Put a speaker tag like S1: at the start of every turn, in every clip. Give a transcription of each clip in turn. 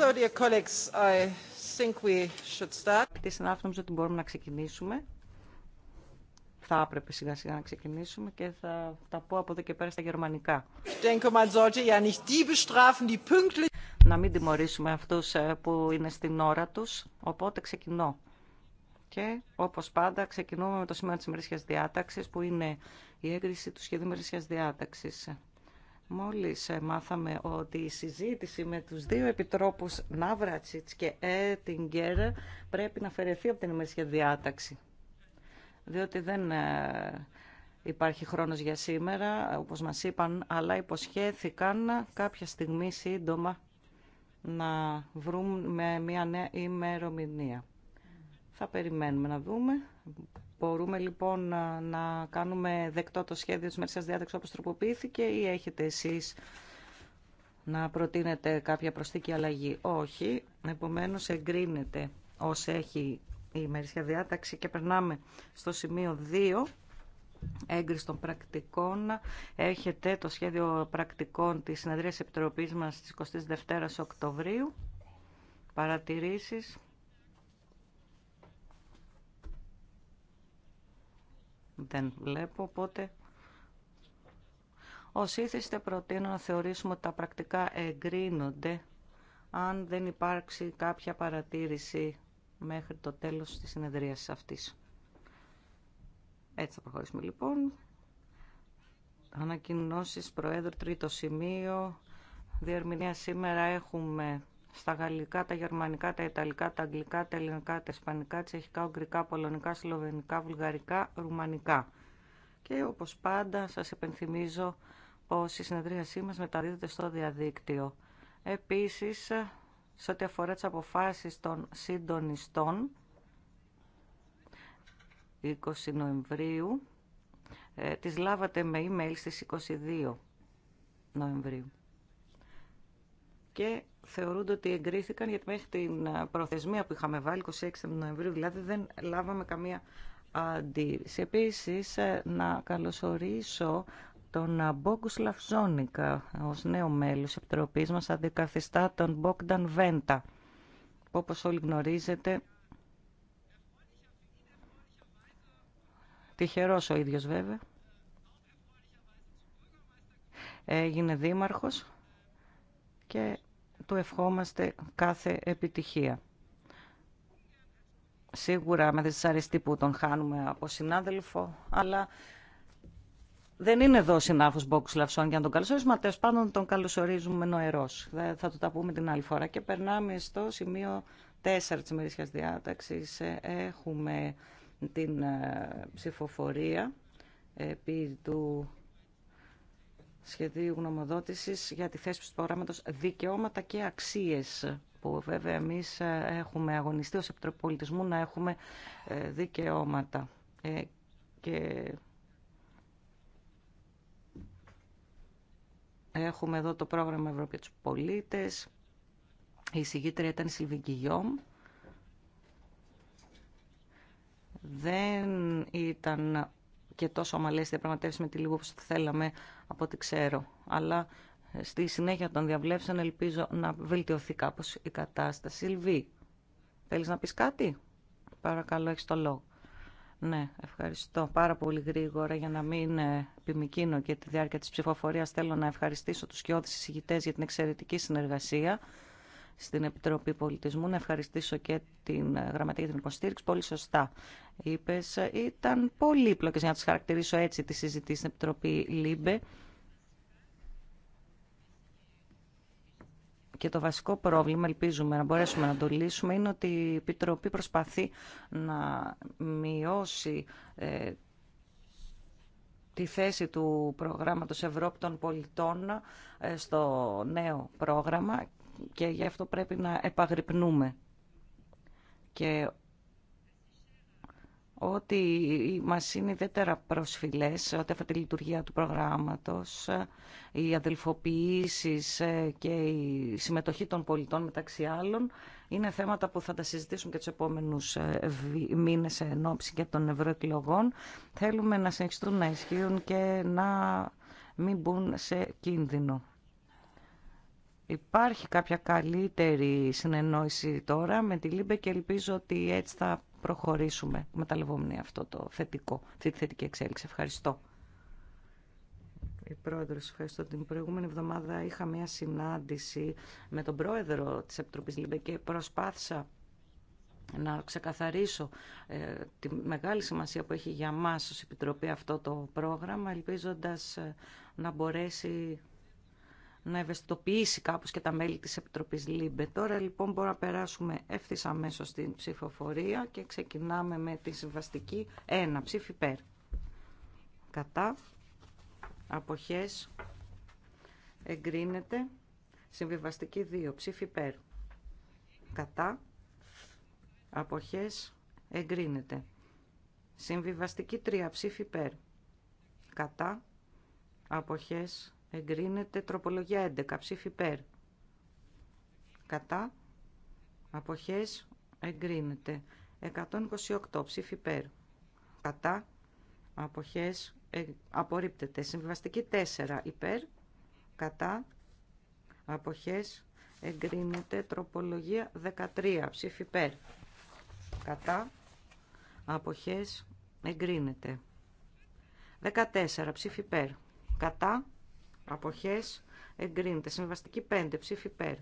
S1: So, dear colleagues, I think
S2: we should start. νομίζω ότι μπορούμε να ξεκινήσουμε. Θα έπρεπε σιγά σιγά να ξεκινήσουμε και θα τα πω από εδώ και πέρα στα γερμανικά. Να μην τιμωρήσουμε αυτούς ε, που είναι στην ώρα τους, οπότε ξεκινώ. Και όπως πάντα ξεκινούμε με το σημείο της ημερήσια διάταξης που είναι η έγκριση του σχεδίου ημερήσια διάταξης. Μόλις ε, μάθαμε ότι η συζήτηση με τους δύο επιτρόπους Ναύρατσιτς και Έτιγκερ πρέπει να αφαιρεθεί από την ημερήσια διάταξη. Διότι δεν ε, υπάρχει χρόνος για σήμερα, όπως μας είπαν, αλλά υποσχέθηκαν κάποια στιγμή σύντομα να βρούμε μια νέα ημερομηνία. Θα περιμένουμε να δούμε. Μπορούμε λοιπόν να κάνουμε δεκτό το σχέδιο της Μερσίας Διάταξης όπως τροποποιήθηκε ή έχετε εσείς να προτείνετε κάποια προσθήκη αλλαγή. Όχι, επομένως εγκρίνεται όσο έχει η ημερήσια επομενως εγκρινεται οσο εχει η μερσια διαταξη και περνάμε στο σημείο 2 έγκριση των πρακτικών. Έχετε το σχέδιο πρακτικών της συνεδρίας επιτροπής μας στις 22 Οκτωβρίου. Παρατηρήσεις. Δεν βλέπω, οπότε ως ήθιστε προτείνω να θεωρήσουμε ότι τα πρακτικά εγκρίνονται αν δεν υπάρξει κάποια παρατήρηση μέχρι το τέλος της συνεδρίασης αυτής. Έτσι θα προχωρήσουμε λοιπόν. Ανακοινώσεις Προέδρου, τρίτο σημείο. Διερμηνία σήμερα έχουμε στα γαλλικά, τα γερμανικά, τα ιταλικά, τα αγγλικά, τα ελληνικά, τα ισπανικά, τσεχικά, ουγγρικά, πολωνικά, σλοβενικά, βουλγαρικά, ρουμανικά. Και όπως πάντα σας επενθυμίζω πως η συνεδρίασή μας μεταδίδεται στο διαδίκτυο. Επίσης, σε ό,τι αφορά τις αποφάσεις των συντονιστών, 20 Νοεμβρίου, ε, τις λάβατε με email στις 22 Νοεμβρίου και θεωρούνται ότι εγκρίθηκαν γιατί μέχρι την ε, προθεσμία που είχαμε βάλει, 26 Νοεμβρίου δηλαδή, δεν λάβαμε καμία αντίρρηση. Επίση ε, να καλωσορίσω τον ε, Μπόγκουσλαφ Ζόνικα ως νέο μέλος Επιτροπής μας αντικαθιστά τον Μπόγκταν Βέντα που όλοι γνωρίζετε τυχερός ο ίδιος βέβαια έγινε δήμαρχος και του ευχόμαστε κάθε επιτυχία. Σίγουρα με δυσαρεστή που τον χάνουμε από συνάδελφο, αλλά δεν είναι εδώ ο μπόκους Μπόκου Λαυσόν για να τον καλωσορίσουμε, αλλά τέλο πάντων τον καλωσορίζουμε νοερός. Θα το τα πούμε την άλλη φορά. Και περνάμε στο σημείο 4 τη ημερήσιας διάταξη. Ε, έχουμε την ε, ψηφοφορία επί του σχεδίου γνωμοδότηση για τη θέση του προγράμματο δικαιώματα και αξίες που βέβαια εμείς ε, έχουμε αγωνιστεί ως Πολιτισμού να έχουμε ε, δικαιώματα. Ε, και έχουμε εδώ το πρόγραμμα Ευρώπη για τους πολίτες. Η συγγήτρια ήταν η Σιλβίγκη Γιόμ. Δεν ήταν και τόσο ομαλέ διαπραγματεύσει με τη λίγο θα θέλαμε από ό,τι ξέρω. Αλλά ε, στη συνέχεια των διαβλέψεων ελπίζω να βελτιωθεί κάπω η κατάσταση. Σιλβί, θέλει να πει κάτι. Παρακαλώ, έχει το λόγο. Ναι, ευχαριστώ πάρα πολύ γρήγορα για να μην ε, επιμηκύνω και τη διάρκεια της ψηφοφορίας. Θέλω να ευχαριστήσω τους κοιόδης εισηγητές για την εξαιρετική συνεργασία στην Επιτροπή Πολιτισμού. Να ευχαριστήσω και την Γραμματεία για την υποστήριξη. Πολύ σωστά είπε. Ήταν πολύ για να τι χαρακτηρίσω έτσι, τη συζητήση στην Επιτροπή ΛΥΜΠΕ. Και το βασικό πρόβλημα, ελπίζουμε να μπορέσουμε να το λύσουμε, είναι ότι η Επιτροπή προσπαθεί να μειώσει ε, τη θέση του προγράμματος Ευρώπη των Πολιτών ε, στο νέο πρόγραμμα και γι' αυτό πρέπει να επαγρυπνούμε. Και ότι μας είναι ιδιαίτερα προσφυλές ό,τι αυτή τη λειτουργία του προγράμματος, οι αδελφοποιήσεις ε, και η συμμετοχή των πολιτών μεταξύ άλλων, είναι θέματα που θα τα συζητήσουμε και τους επόμενους ε, μήνες εν ώψη και των ευρωεκλογών. Θέλουμε να συνεχιστούν να ισχύουν και να μην μπουν σε κίνδυνο. Υπάρχει κάποια καλύτερη συνεννόηση τώρα με τη Λίμπε και ελπίζω ότι έτσι θα προχωρήσουμε μεταλλευόμενοι αυτό το θετικό, αυτή τη θετική εξέλιξη. Ευχαριστώ. Η ε, πρόεδρος, ευχαριστώ. Την προηγούμενη εβδομάδα είχα μια συνάντηση με τον πρόεδρο της Επιτροπής Λίμπε και προσπάθησα να ξεκαθαρίσω ε, τη μεγάλη σημασία που έχει για μας ως Επιτροπή αυτό το πρόγραμμα, ελπίζοντας ε, να μπορέσει να ευαισθητοποιήσει κάπως και τα μέλη της Επιτροπής ΛΥΜΠΕ. Τώρα λοιπόν μπορούμε να περάσουμε ευθύς αμέσως στην ψηφοφορία και ξεκινάμε με τη συμβαστική 1. Ψήφι ΠΕΡ. Κατά. Αποχές. Εγκρίνεται. Συμβιβαστική 2. Ψήφι ΠΕΡ. Κατά. Αποχές. Εγκρίνεται. Συμβιβαστική 3. Ψήφι ΠΕΡ. Κατά. Αποχές Εγκρίνεται τροπολογία 11. Ψήφι υπέρ. Κατά. Αποχές. Εγκρίνεται. 128. Ψήφι υπέρ. Κατά. Αποχές. Ε, απορρίπτεται. Συμβιβαστική 4. Υπέρ. Κατά. Αποχές. Εγκρίνεται. Τροπολογία 13. Ψήφι υπέρ. Κατά. Αποχές. Εγκρίνεται. 14. Ψήφι υπέρ. Κατά Αποχές εγκρίνεται. Συμβαστική 5. Ψήφι πέρ.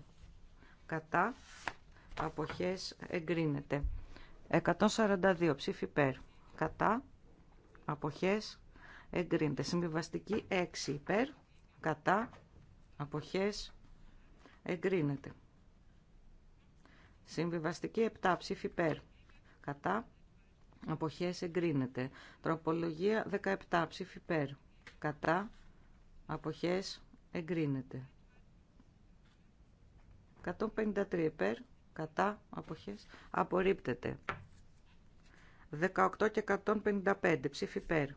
S2: Κατά. Αποχές εγκρίνεται. 142. Ψήφι πέρ. Κατά. Αποχές εγκρίνεται. Συμβιβαστική 6. Υπέρ. Κατά. Αποχές εγκρίνεται. Συμβιβαστική 7. Ψήφι πέρ. Κατά. Αποχές εγκρίνεται. Τροπολογία 17. Ψήφι πέρ. Κατά αποχές εγκρίνεται. 153 υπέρ, κατά, αποχές, απορρίπτεται. 18 και 155 ψήφι υπέρ,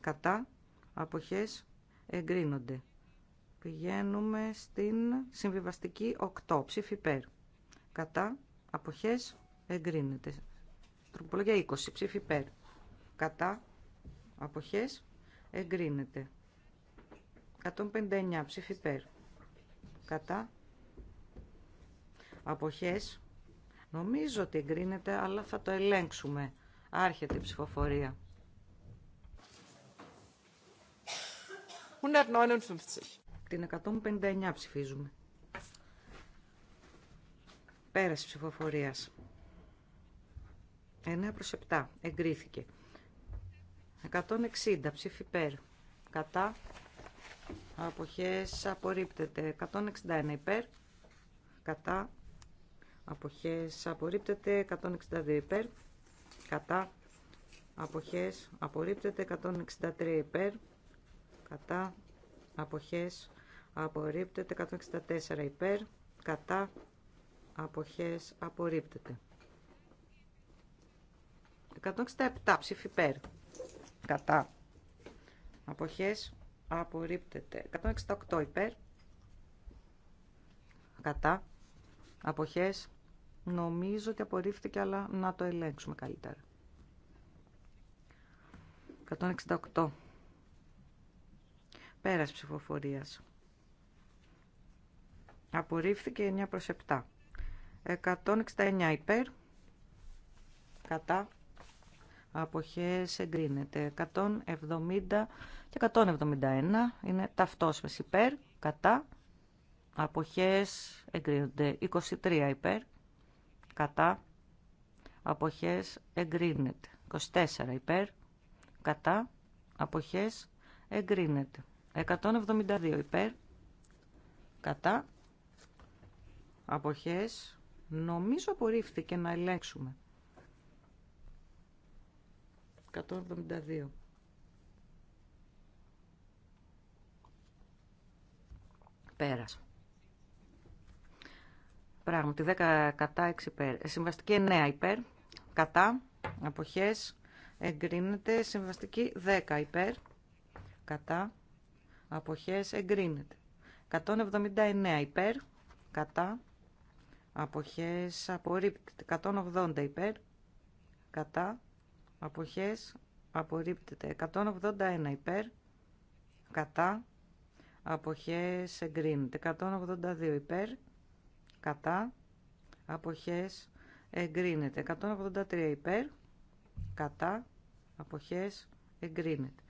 S2: κατά, αποχές, εγκρίνονται. Πηγαίνουμε στην συμβιβαστική 8 ψήφι υπέρ, κατά, αποχές, εγκρίνεται. Τροπολογία 20 ψήφι υπέρ, κατά, αποχές, εγκρίνεται. 159 ψήφι υπέρ. Κατά. Αποχές. Νομίζω ότι εγκρίνεται, αλλά θα το ελέγξουμε. Άρχεται η ψηφοφορία. 159. Την 159 ψηφίζουμε. Πέραση ψηφοφορίας. 9 προς 7. Εγκρίθηκε. 160 ψήφι υπέρ. Κατά αποχές απορρίπτεται 161 υπέρ κατά αποχές απορρίπτεται 162 υπέρ κατά αποχές απορρίπτεται 163 υπέρ κατά αποχές απορρίπτεται 164 υπέρ κατά αποχές απορρίπτεται 167 ψήφι υπέρ κατά αποχές απορρίπτεται. 168 υπέρ, κατά, αποχές, νομίζω ότι απορρίφθηκε, αλλά να το ελέγξουμε καλύτερα. 168. Πέρας ψηφοφορίας. Απορρίφθηκε 9 προς 7. 169 υπέρ, κατά, αποχές εγκρίνεται. 170 και 171 είναι ταυτόσιμες υπέρ, κατά, αποχές εγκρίνονται. 23 υπέρ, κατά, αποχές εγκρίνεται. 24 υπέρ, κατά, αποχές εγκρίνεται. 172 υπέρ, κατά, αποχές, νομίζω απορρίφθηκε να ελέγξουμε. 172. Πέρασα. Πράγματι, 10 κατά 6 υπέρ. Ε, συμβαστική 9 υπέρ. Κατά. Αποχές. Εγκρίνεται. Συμβαστική 10 υπέρ. Κατά. Αποχές. Εγκρίνεται. 179 υπέρ. Κατά. Αποχές. Απορρίπτεται. 180 υπέρ. Κατά αποχές απορρίπτεται 181 υπέρ κατά αποχές εγκρίνεται 182 υπέρ κατά αποχές εγκρίνεται 183 υπέρ κατά αποχές εγκρίνεται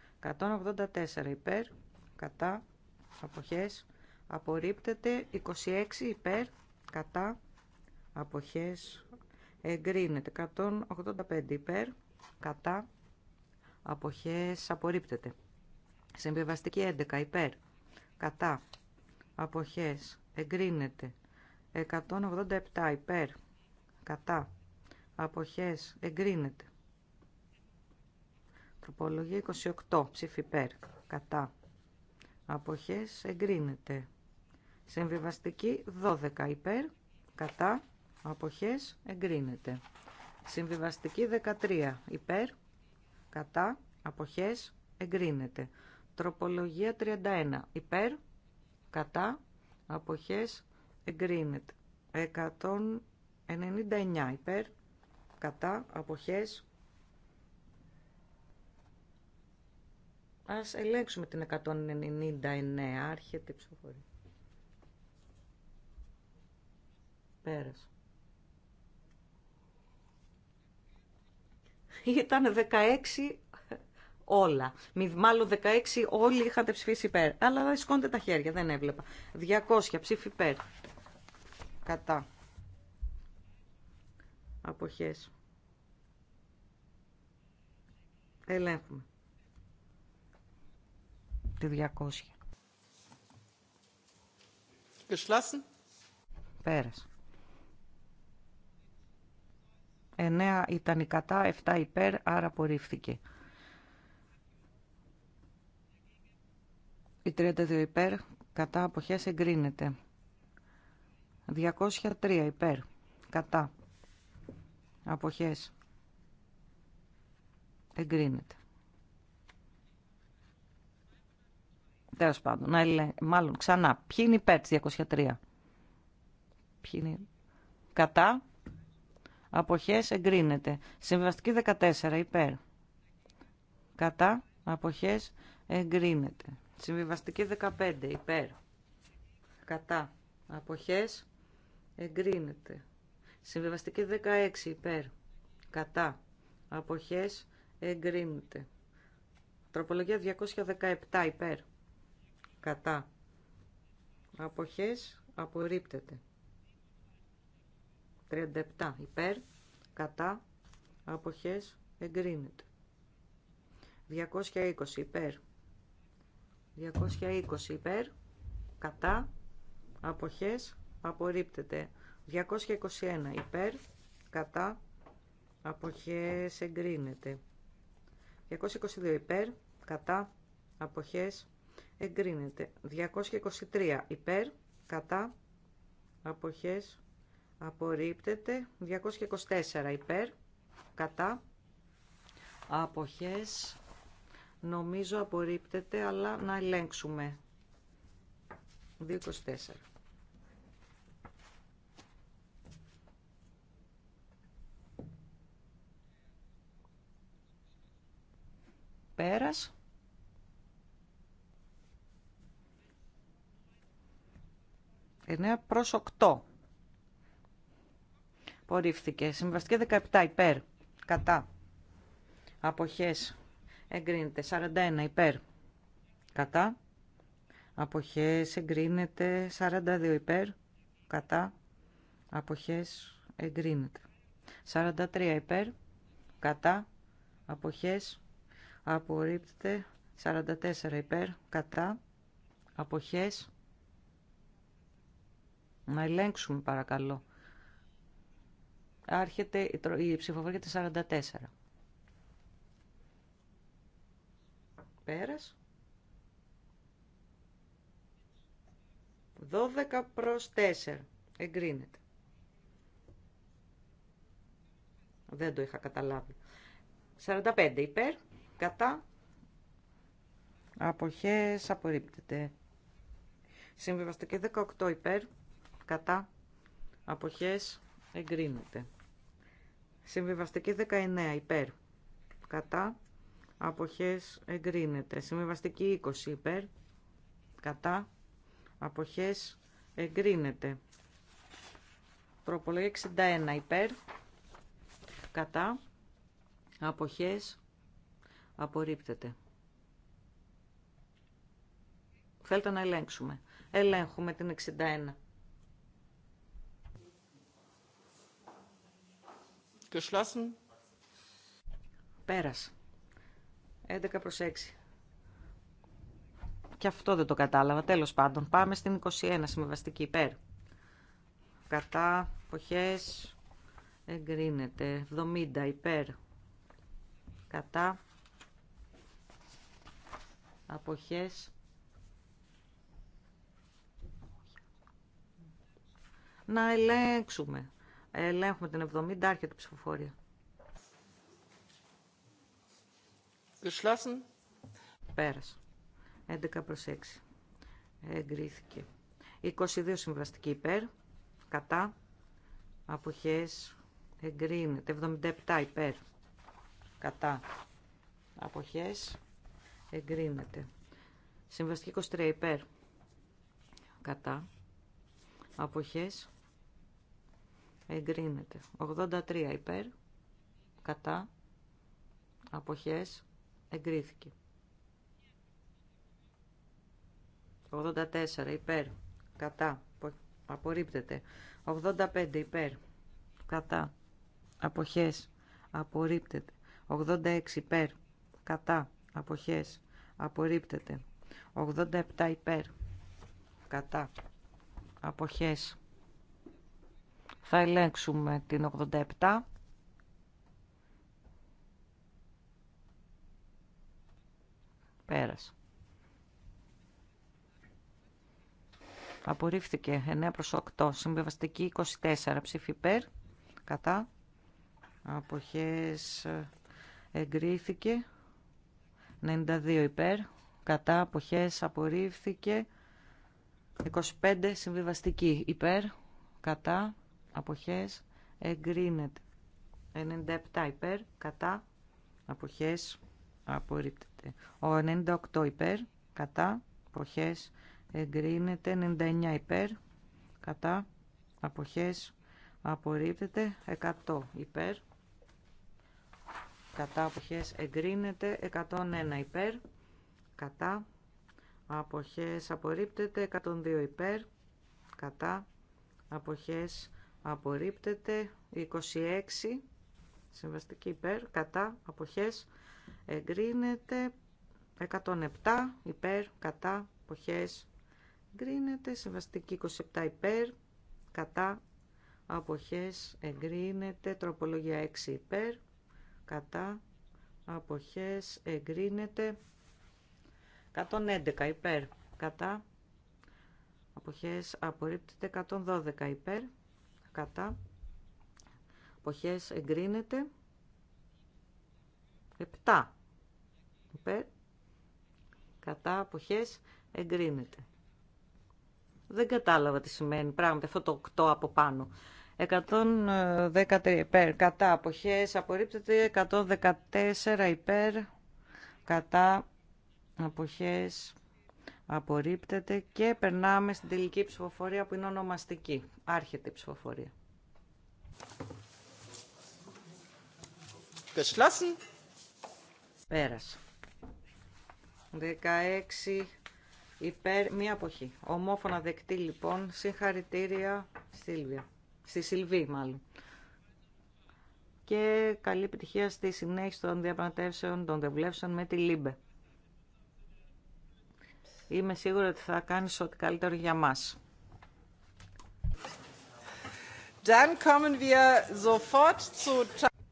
S2: 184 υπέρ κατά αποχές απορρίπτεται 26 υπέρ κατά αποχές εγκρίνεται 185 υπέρ κατά αποχές απορρίπτεται. Συμβιβαστική 11 υπέρ κατά αποχές εγκρίνεται. 187 υπέρ κατά αποχές εγκρίνεται. Τροπολογία 28 ψήφι υπέρ κατά αποχές εγκρίνεται. Συμβιβαστική 12 υπέρ κατά αποχές εγκρίνεται. Συμβιβαστική 13. Υπέρ, κατά, αποχές, εγκρίνεται. Τροπολογία 31. Υπέρ, κατά, αποχές, εγκρίνεται. 199. Υπέρ, κατά, αποχές, Ας ελέγξουμε την 199, άρχεται η ψηφοφορία. Πέρασε. ήταν 16 όλα. Μάλλον 16 όλοι είχατε ψηφίσει υπέρ. Αλλά δεν σηκώνετε τα χέρια, δεν έβλεπα. 200 ψήφι υπέρ. Κατά. Αποχές. Ελέγχουμε. Τη 200. Geschlossen. Πέρασε. 9 ήταν η κατά, 7 υπέρ, άρα απορρίφθηκε. Η 32 υπέρ, κατά αποχές εγκρίνεται. 203 υπέρ, κατά αποχές εγκρίνεται. Τέλο πάντων, να μάλλον ξανά, ποιοι είναι υπέρ της 203. Ποιοι είναι κατά, αποχές εγκρίνεται. Συμβαστική 14 υπέρ. Κατά αποχές εγκρίνεται. Συμβιβαστική 15 υπέρ. Κατά αποχές εγκρίνεται. Συμβιβαστική 16 υπέρ. Κατά αποχές εγκρίνεται. Τροπολογία 217 υπέρ. Κατά. Αποχές απορρίπτεται. 37 υπέρ, κατά, αποχές, εγκρίνεται. 220 υπέρ, 220 υπέρ, κατά, αποχές, απορρίπτεται. 221 υπέρ, κατά, αποχές, εγκρίνεται. 222 υπέρ, κατά, αποχές, εγκρίνεται. 223 υπέρ, κατά, αποχές, απορρίπτεται 224 υπέρ κατά αποχές νομίζω απορρίπτεται αλλά να ελέγξουμε 224 Πέρας. Εννέα προς 8. Απορρίφθηκε. Συμβαστική 17 υπέρ. Κατά. Αποχές. Εγκρίνεται. 41 υπέρ. Κατά. Αποχές. Εγκρίνεται. 42 υπέρ. Κατά. Αποχές. Εγκρίνεται. 43 υπέρ. Κατά. Αποχές. Απορρίπτεται. 44 υπέρ. Κατά. Αποχές. Να ελέγξουμε παρακαλώ. Άρχεται η ψηφοφορία της 44. Πέρας. 12 προς 4. Εγκρίνεται. Δεν το είχα καταλάβει. 45 υπέρ, κατά. Αποχές απορρίπτεται. Συμβιβαστική 18 υπέρ, κατά. Αποχές εγκρίνεται. Συμβιβαστική 19 υπέρ. Κατά. Αποχές εγκρίνεται. Συμβιβαστική 20 υπέρ. Κατά. Αποχές εγκρίνεται. Προπολογία 61 υπέρ. Κατά. Αποχές απορρίπτεται. Θέλετε να ελέγξουμε. Ελέγχουμε την 61. Geschlossen. Πέρας. 11 προς 6. Και αυτό δεν το κατάλαβα. Τέλος πάντων. Πάμε στην 21 συμβαστική υπέρ. Κατά, αποχέ. εγκρίνεται. 70 υπέρ. Κατά. Αποχές. Να ελέγξουμε. Ελέγχουμε την 70, άρχεται του ψηφοφορία. Geschlossen. Πέρασε. 11 προς 6. Εγκρίθηκε. 22 συμβαστική υπέρ. Κατά. Αποχές. Εγκρίνεται. 77 υπέρ. Κατά. Αποχές. Εγκρίνεται. Συμβαστική 23 υπέρ. Κατά. Αποχές εγκρίνεται. 83 υπέρ, κατά, αποχές, εγκρίθηκε. 84 υπέρ, κατά, απορρίπτεται. 85 υπέρ, κατά, αποχές, απορρίπτεται. 86 υπέρ, κατά, αποχές, απορρίπτεται. 87 υπέρ, κατά, αποχές, θα ελέγξουμε την 87. Πέρασε. Απορρίφθηκε 9 προς 8. συμβιβαστική, 24. Ψήφι υπέρ. Κατά. Αποχές ε, εγκρίθηκε. 92 υπέρ. Κατά. Αποχές απορρίφθηκε. 25 συμβιβαστική υπέρ. Κατά αποχές εγκρίνεται. 97 υπέρ, κατά, αποχές απορρίπτεται. 98 υπέρ, κατά, αποχές εγκρίνεται. 99 υπέρ, κατά, αποχές απορρίπτεται. 100 υπέρ, κατά, αποχές εγκρίνεται. 101 υπέρ, κατά, αποχές απορρίπτεται. 102 υπέρ, κατά, αποχές απορρίπτεται 26 συμβαστική υπέρ κατά αποχές εγκρίνεται 107 υπέρ κατά αποχές εγκρίνεται συμβαστική 27 υπέρ κατά αποχές εγκρίνεται τροπολογία 6 υπέρ κατά αποχές εγκρίνεται 111 υπέρ κατά αποχές απορρίπτεται 112 υπέρ κατά εποχές εγκρίνεται 7 υπέρ κατά εποχές εγκρίνεται δεν κατάλαβα τι σημαίνει πράγματι αυτό το 8 από πάνω 113 υπέρ κατά εποχές απορρίπτεται 114 υπέρ κατά εποχές απορρίπτεται και περνάμε στην τελική ψηφοφορία που είναι ονομαστική. Άρχεται η ψηφοφορία. Πέρασε. 16 υπέρ μία αποχή. Ομόφωνα δεκτή λοιπόν. Συγχαρητήρια Σίλβια. Στη Σιλβή μάλλον. Και καλή επιτυχία στη συνέχιση των διαπραγματεύσεων των δευλεύσεων με τη Λίμπε. Είμαι σίγουρη ότι θα κάνεις ό,τι καλύτερο για μας.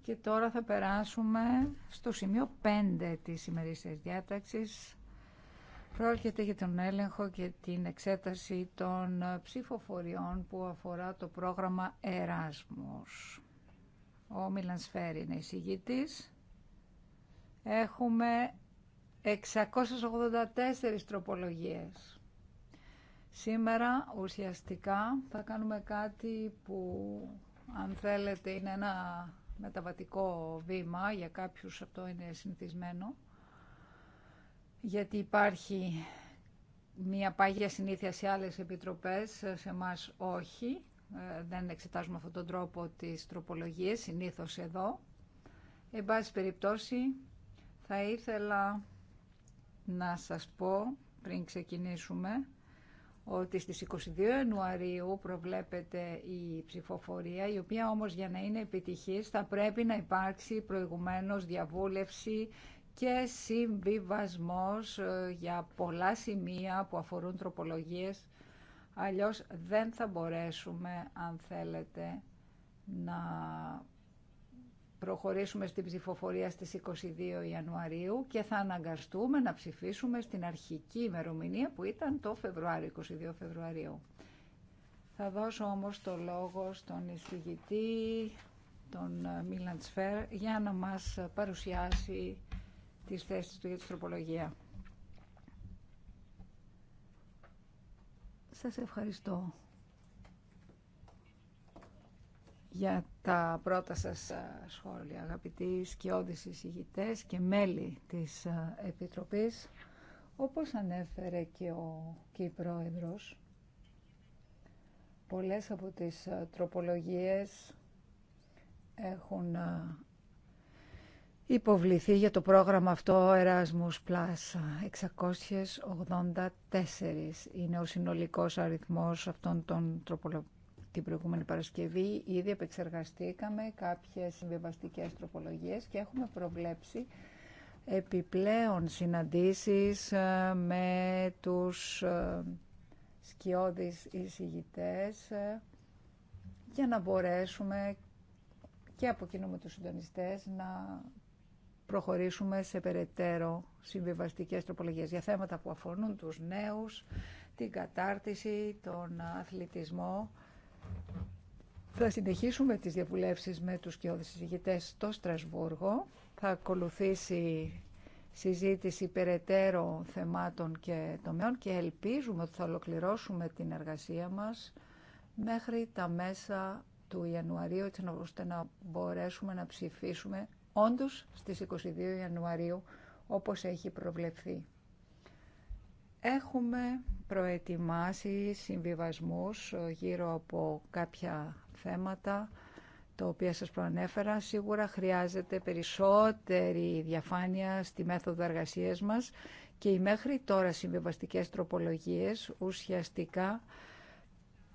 S3: Και τώρα θα περάσουμε στο σημείο 5 της ημερήσιας διάταξη. Πρόκειται για τον έλεγχο και την εξέταση των ψηφοφοριών που αφορά το πρόγραμμα εράσμος. Ο Μιλανσφέρη είναι εισηγητής. Έχουμε 684 τροπολογίες. Σήμερα ουσιαστικά θα κάνουμε κάτι που αν θέλετε είναι ένα μεταβατικό βήμα, για κάποιους αυτό είναι συνηθισμένο, γιατί υπάρχει μια πάγια συνήθεια σε άλλες επιτροπές, σε μας όχι. Ε, δεν εξετάζουμε αυτόν τον τρόπο τις τροπολογίες, συνήθως εδώ. Εν πάση περιπτώσει, θα ήθελα να σας πω πριν ξεκινήσουμε ότι στις 22 Ιανουαρίου προβλέπεται η ψηφοφορία, η οποία όμως για να είναι επιτυχής θα πρέπει να υπάρξει προηγουμένως διαβούλευση και συμβιβασμός ε, για πολλά σημεία που αφορούν τροπολογίες. Αλλιώς δεν θα μπορέσουμε, αν θέλετε, να προχωρήσουμε στην ψηφοφορία στις 22 Ιανουαρίου και θα αναγκαστούμε να ψηφίσουμε στην αρχική ημερομηνία που ήταν το Φεβρουάριο, 22 Φεβρουαρίου. Θα δώσω όμως το λόγο στον εισηγητή, τον ε, Μίλαν Σφέρ, για να μας παρουσιάσει τις θέσεις του για τη τροπολογία. Σας ευχαριστώ. για τα πρώτα σας σχόλια, αγαπητοί σκιώδεις εισηγητές και μέλη της Επιτροπής. Όπως ανέφερε και, ο, και η πολλές από τις τροπολογίες έχουν υποβληθεί για το πρόγραμμα αυτό Erasmus Plus. 684 είναι ο συνολικός αριθμός αυτών των τροπολογιών την προηγούμενη Παρασκευή ήδη επεξεργαστήκαμε κάποιες συμβιβαστικές τροπολογίες και έχουμε προβλέψει επιπλέον συναντήσεις ε, με τους ε, σκιώδεις εισηγητές ε, για να μπορέσουμε και από κοινού με τους συντονιστές να προχωρήσουμε σε περαιτέρω συμβιβαστικές τροπολογίες για θέματα που αφορούν τους νέους, την κατάρτιση, τον αθλητισμό θα συνεχίσουμε τις διαβουλεύσεις με τους κοιόδης συζητητές στο Στρασβούργο. Θα ακολουθήσει συζήτηση περαιτέρω θεμάτων και τομέων και ελπίζουμε ότι θα ολοκληρώσουμε την εργασία μας μέχρι τα μέσα του Ιανουαρίου έτσι ώστε να μπορέσουμε να ψηφίσουμε όντως στις 22 Ιανουαρίου όπως έχει προβλεφθεί. Έχουμε προετοιμάσει συμβιβασμούς γύρω από κάποια θέματα τα οποία σας προανέφερα. Σίγουρα χρειάζεται περισσότερη διαφάνεια στη μέθοδο εργασίας μας και οι μέχρι τώρα συμβιβαστικές τροπολογίες ουσιαστικά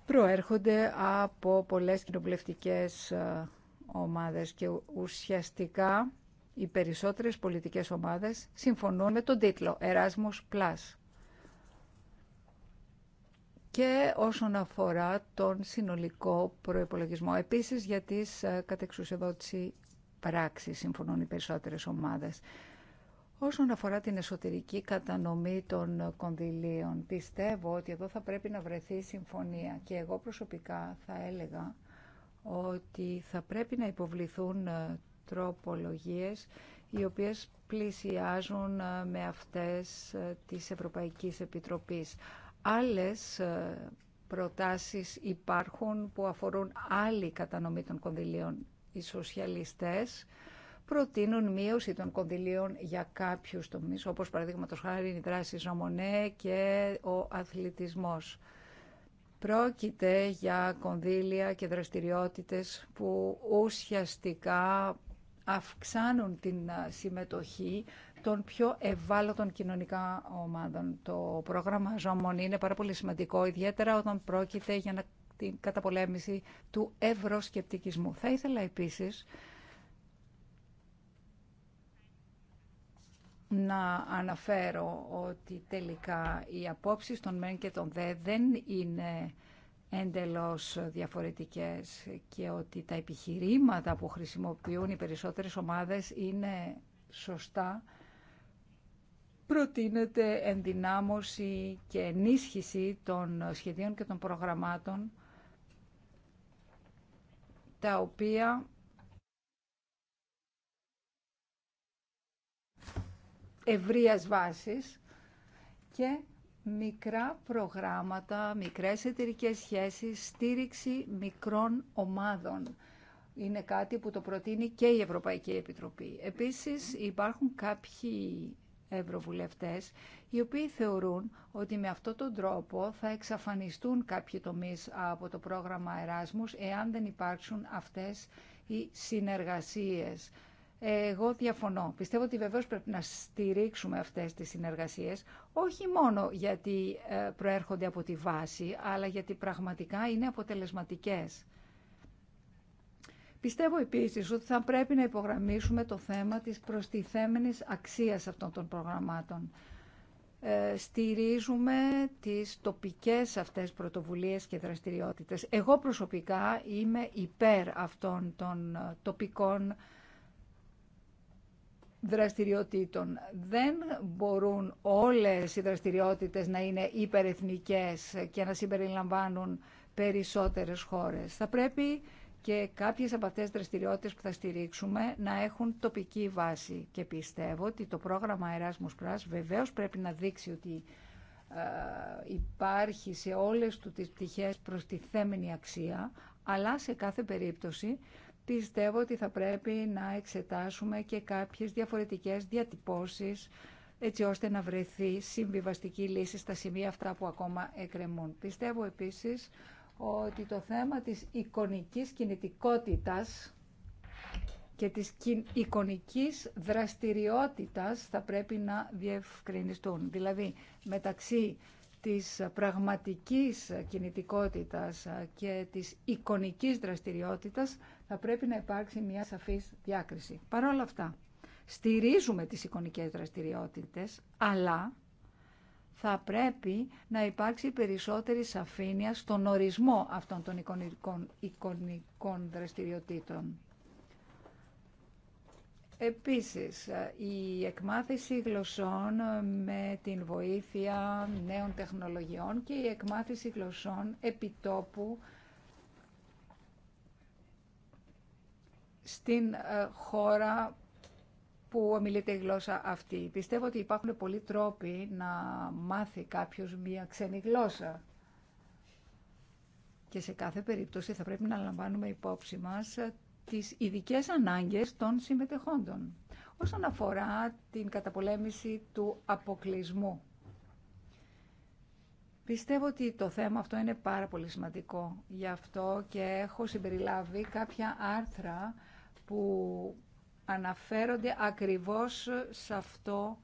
S3: προέρχονται από πολλές κοινοβουλευτικέ ε, ομάδες και ουσιαστικά οι περισσότερες πολιτικές ομάδες συμφωνούν με τον τίτλο Erasmus Plus και όσον αφορά τον συνολικό προϋπολογισμό. Επίσης για τις ε, κατεξουσιοδότηση πράξεις, συμφωνούν οι περισσότερες ομάδες. Όσον αφορά την εσωτερική κατανομή των κονδυλίων, πιστεύω ότι εδώ θα πρέπει να βρεθεί συμφωνία και εγώ προσωπικά θα έλεγα ότι θα πρέπει να υποβληθούν ε, τροπολογίες οι οποίες πλησιάζουν ε, με αυτές της Ευρωπαϊκής Επιτροπής άλλες ε, προτάσεις υπάρχουν που αφορούν άλλη κατανομή των κονδυλίων. Οι σοσιαλιστές προτείνουν μείωση των κονδυλίων για κάποιους τομείς, όπως παραδείγματο χάρη η δράση ζωμονέ και ο αθλητισμός. Πρόκειται για κονδύλια και δραστηριότητες που ουσιαστικά αυξάνουν την ε, συμμετοχή των πιο ευάλωτων κοινωνικά ομάδων. Το πρόγραμμα Ζώμων είναι πάρα πολύ σημαντικό, ιδιαίτερα όταν πρόκειται για την καταπολέμηση του ευρωσκεπτικισμού. Θα ήθελα επίσης να αναφέρω ότι τελικά οι απόψεις των ΜΕΝ και των ΔΕ δεν είναι εντελώς διαφορετικές και ότι τα επιχειρήματα που χρησιμοποιούν οι περισσότερες ομάδες είναι σωστά προτείνεται ενδυνάμωση και ενίσχυση των σχεδίων και των προγραμμάτων τα οποία ευρείας βάσης και μικρά προγράμματα, μικρές εταιρικές σχέσεις, στήριξη μικρών ομάδων. Είναι κάτι που το προτείνει και η Ευρωπαϊκή Επιτροπή. Επίσης υπάρχουν κάποιοι ευρωβουλευτές, οι οποίοι θεωρούν ότι με αυτόν τον τρόπο θα εξαφανιστούν κάποιοι τομείς από το πρόγραμμα Εράσμους εάν δεν υπάρξουν αυτές οι συνεργασίες. Εγώ διαφωνώ. Πιστεύω ότι βεβαίως πρέπει να στηρίξουμε αυτές τις συνεργασίες, όχι μόνο γιατί ε, προέρχονται από τη βάση, αλλά γιατί πραγματικά είναι αποτελεσματικές. Πιστεύω επίσης ότι θα πρέπει να υπογραμμίσουμε το θέμα της προστιθέμενης αξίας αυτών των προγραμμάτων. Ε, στηρίζουμε τις τοπικές αυτές πρωτοβουλίες και δραστηριότητες. Εγώ προσωπικά είμαι υπέρ αυτών των ε, τοπικών δραστηριοτήτων. Δεν μπορούν όλες οι δραστηριότητες να είναι υπερεθνικές και να συμπεριλαμβάνουν περισσότερες χώρες. Θα πρέπει και κάποιες από αυτές τις δραστηριότητες που θα στηρίξουμε να έχουν τοπική βάση. Και πιστεύω ότι το πρόγραμμα Erasmus Plus βεβαίως πρέπει να δείξει ότι ε, υπάρχει σε όλες του τις πτυχές προστιθέμενη αξία, αλλά σε κάθε περίπτωση πιστεύω ότι θα πρέπει να εξετάσουμε και κάποιες διαφορετικές διατυπώσεις έτσι ώστε να βρεθεί συμβιβαστική λύση στα σημεία αυτά που ακόμα εκκρεμούν. Πιστεύω επίσης ότι το θέμα της εικονικής κινητικότητας και της εικονικής δραστηριότητας θα πρέπει να διευκρινιστούν. Δηλαδή, μεταξύ της πραγματικής κινητικότητας και της εικονικής δραστηριότητας θα πρέπει να υπάρξει μια σαφής διάκριση. Παρ' όλα αυτά, στηρίζουμε τις εικονικές δραστηριότητες, αλλά θα πρέπει να υπάρξει περισσότερη σαφήνεια στον ορισμό αυτών των εικονικών, δραστηριοτήτων. Επίσης, η εκμάθηση γλωσσών με την βοήθεια νέων τεχνολογιών και η εκμάθηση γλωσσών επιτόπου στην ε, χώρα που ομιλείται η γλώσσα αυτή. Πιστεύω ότι υπάρχουν πολλοί τρόποι να μάθει κάποιος μία ξένη γλώσσα. Και σε κάθε περίπτωση θα πρέπει να λαμβάνουμε υπόψη μας ε, τις ειδικέ ανάγκες των συμμετεχόντων. Όσον αφορά την καταπολέμηση του αποκλεισμού. Πιστεύω ότι το θέμα αυτό είναι πάρα πολύ σημαντικό. Γι' αυτό και έχω συμπεριλάβει κάποια άρθρα που αναφέρονται ακριβώς σε αυτό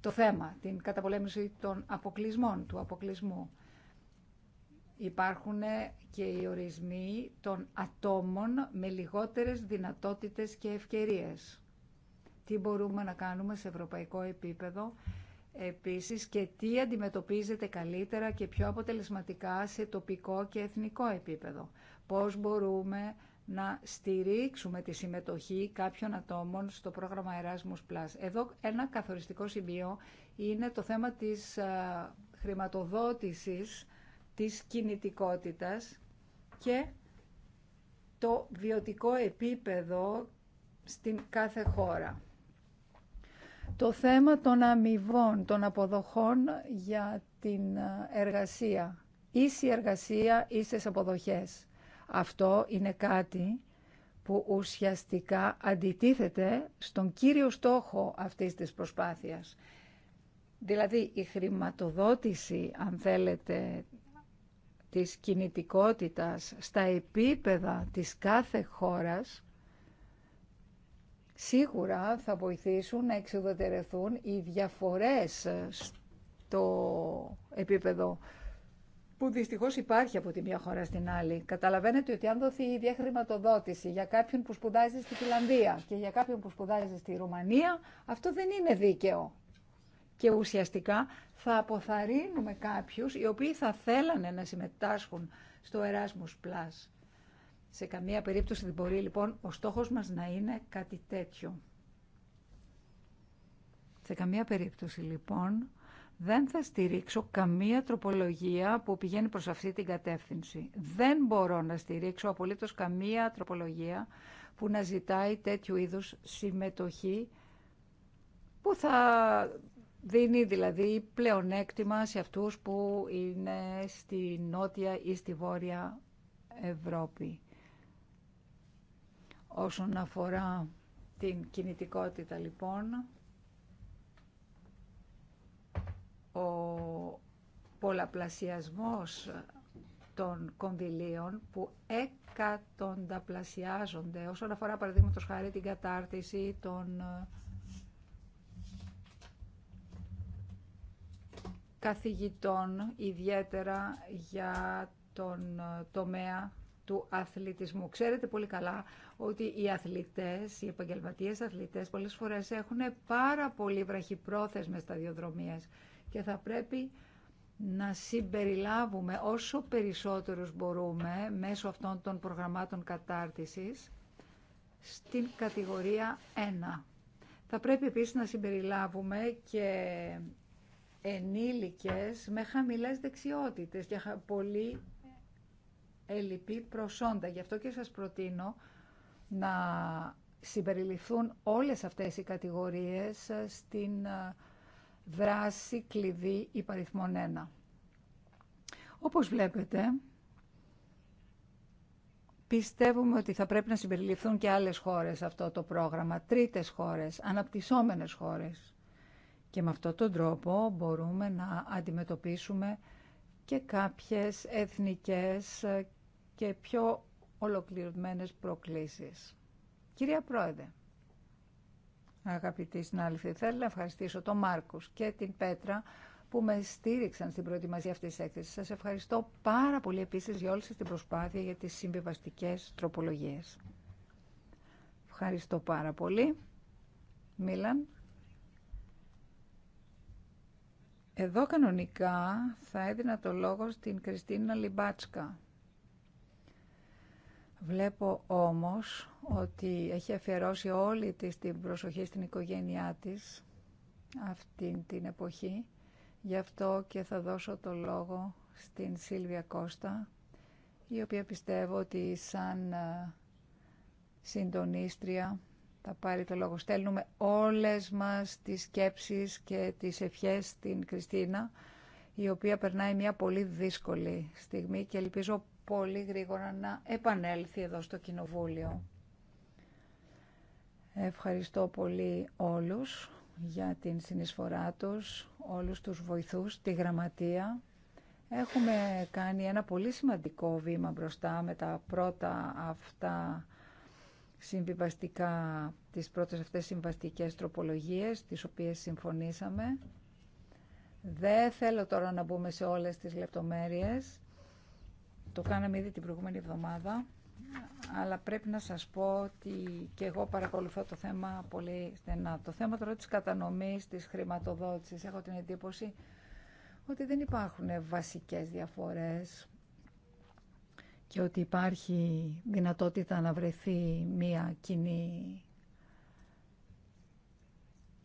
S3: το θέμα, την καταπολέμηση των αποκλεισμών, του αποκλεισμού. Υπάρχουν και οι ορισμοί των ατόμων με λιγότερες δυνατότητες και ευκαιρίες. Τι μπορούμε να κάνουμε σε ευρωπαϊκό επίπεδο επίσης και τι αντιμετωπίζεται καλύτερα και πιο αποτελεσματικά σε τοπικό και εθνικό επίπεδο. Πώς μπορούμε να στηρίξουμε τη συμμετοχή κάποιων ατόμων στο πρόγραμμα Erasmus+. Εδώ ένα καθοριστικό σημείο είναι το θέμα της ε, χρηματοδότησης της κινητικότητας και το βιωτικό επίπεδο στην κάθε χώρα. Το θέμα των αμοιβών, των αποδοχών για την ε, εργασία. Ίση εργασία, ίσες αποδοχές. Αυτό είναι κάτι που ουσιαστικά αντιτίθεται στον κύριο στόχο αυτής της προσπάθειας. Δηλαδή η χρηματοδότηση, αν θέλετε, της κινητικότητας στα επίπεδα της κάθε χώρας σίγουρα θα βοηθήσουν να εξοδοτερεθούν οι διαφορές στο επίπεδο που δυστυχώς υπάρχει από τη μια χώρα στην άλλη. Καταλαβαίνετε ότι αν δοθεί η ίδια χρηματοδότηση για κάποιον που σπουδάζει στη Φιλανδία και για κάποιον που σπουδάζει στη Ρουμανία, αυτό δεν είναι δίκαιο. Και ουσιαστικά θα αποθαρρύνουμε κάποιους οι οποίοι θα θέλανε να συμμετάσχουν στο Erasmus Plus. Σε καμία περίπτωση δεν μπορεί λοιπόν ο στόχος μας να είναι κάτι τέτοιο. Σε καμία περίπτωση λοιπόν δεν θα στηρίξω καμία τροπολογία που πηγαίνει προς αυτή την κατεύθυνση. Δεν μπορώ να στηρίξω απολύτως καμία τροπολογία που να ζητάει τέτοιου είδους συμμετοχή που θα δίνει δηλαδή πλεονέκτημα σε αυτούς που είναι στη Νότια ή στη Βόρεια Ευρώπη. Όσον αφορά την κινητικότητα λοιπόν, Ο πολλαπλασιασμός των κονδυλίων που εκατονταπλασιάζονται όσον αφορά παραδείγματος χάρη την κατάρτιση των ε, καθηγητών, ιδιαίτερα για τον ε, τομέα του αθλητισμού. Ξέρετε πολύ καλά ότι οι αθλητές, οι επαγγελματίες αθλητές πολλές φορές έχουν πάρα πολύ βραχυπρόθεσμες σταδιοδρομίες και θα πρέπει να συμπεριλάβουμε όσο περισσότερους μπορούμε μέσω αυτών των προγραμμάτων κατάρτισης στην κατηγορία 1. Θα πρέπει επίσης να συμπεριλάβουμε και ενήλικες με χαμηλές δεξιότητες και πολύ ελλειπή προσόντα. Γι' αυτό και σας προτείνω να συμπεριληφθούν όλες αυτές οι κατηγορίες ε, στην ε, δράση κλειδί υπαριθμών 1. Όπως βλέπετε, πιστεύουμε ότι θα πρέπει να συμπεριληφθούν και άλλες χώρες αυτό το πρόγραμμα, τρίτες χώρες, αναπτυσσόμενες χώρες. Και με αυτόν τον τρόπο μπορούμε να αντιμετωπίσουμε και κάποιες εθνικές και πιο ολοκληρωμένες προκλήσεις. Κυρία Πρόεδρε, Αγαπητοί συνάδελφοι, θέλω να ευχαριστήσω τον Μάρκο και την Πέτρα που με στήριξαν στην προετοιμασία αυτή τη έκθεσης. Σας ευχαριστώ πάρα πολύ επίσης για όλη σας την προσπάθεια για τις συμβιβαστικέ τροπολογίες. Ευχαριστώ πάρα πολύ. Μίλαν. Εδώ κανονικά θα έδινα το λόγο στην Κριστίνα Λιμπάτσκα. Βλέπω όμως ότι έχει αφιερώσει όλη της την προσοχή στην οικογένειά της αυτή την εποχή. Γι' αυτό και θα δώσω το λόγο στην Σίλβια Κώστα, η οποία πιστεύω ότι σαν ε, συντονίστρια θα πάρει το λόγο. Στέλνουμε όλες μας τις σκέψεις και τις ευχές στην Κριστίνα, η οποία περνάει μια πολύ δύσκολη στιγμή και ελπίζω πολύ γρήγορα να επανέλθει εδώ στο Κοινοβούλιο. Ευχαριστώ πολύ όλους για την συνεισφορά τους, όλους τους βοηθούς, τη γραμματεία. Έχουμε κάνει ένα πολύ σημαντικό βήμα μπροστά με τα πρώτα αυτά συμβιβαστικά, τις πρώτες αυτές συμβαστικές τροπολογίες, τις οποίες συμφωνήσαμε. Δεν θέλω τώρα να μπούμε σε όλες τις λεπτομέρειες. Το κάναμε ήδη την προηγούμενη εβδομάδα, αλλά πρέπει να σας πω ότι και εγώ παρακολουθώ το θέμα πολύ στενά. Το θέμα τώρα της κατανομής, της χρηματοδότησης, έχω την εντύπωση ότι δεν υπάρχουν βασικές διαφορές και ότι υπάρχει δυνατότητα να βρεθεί μία κοινή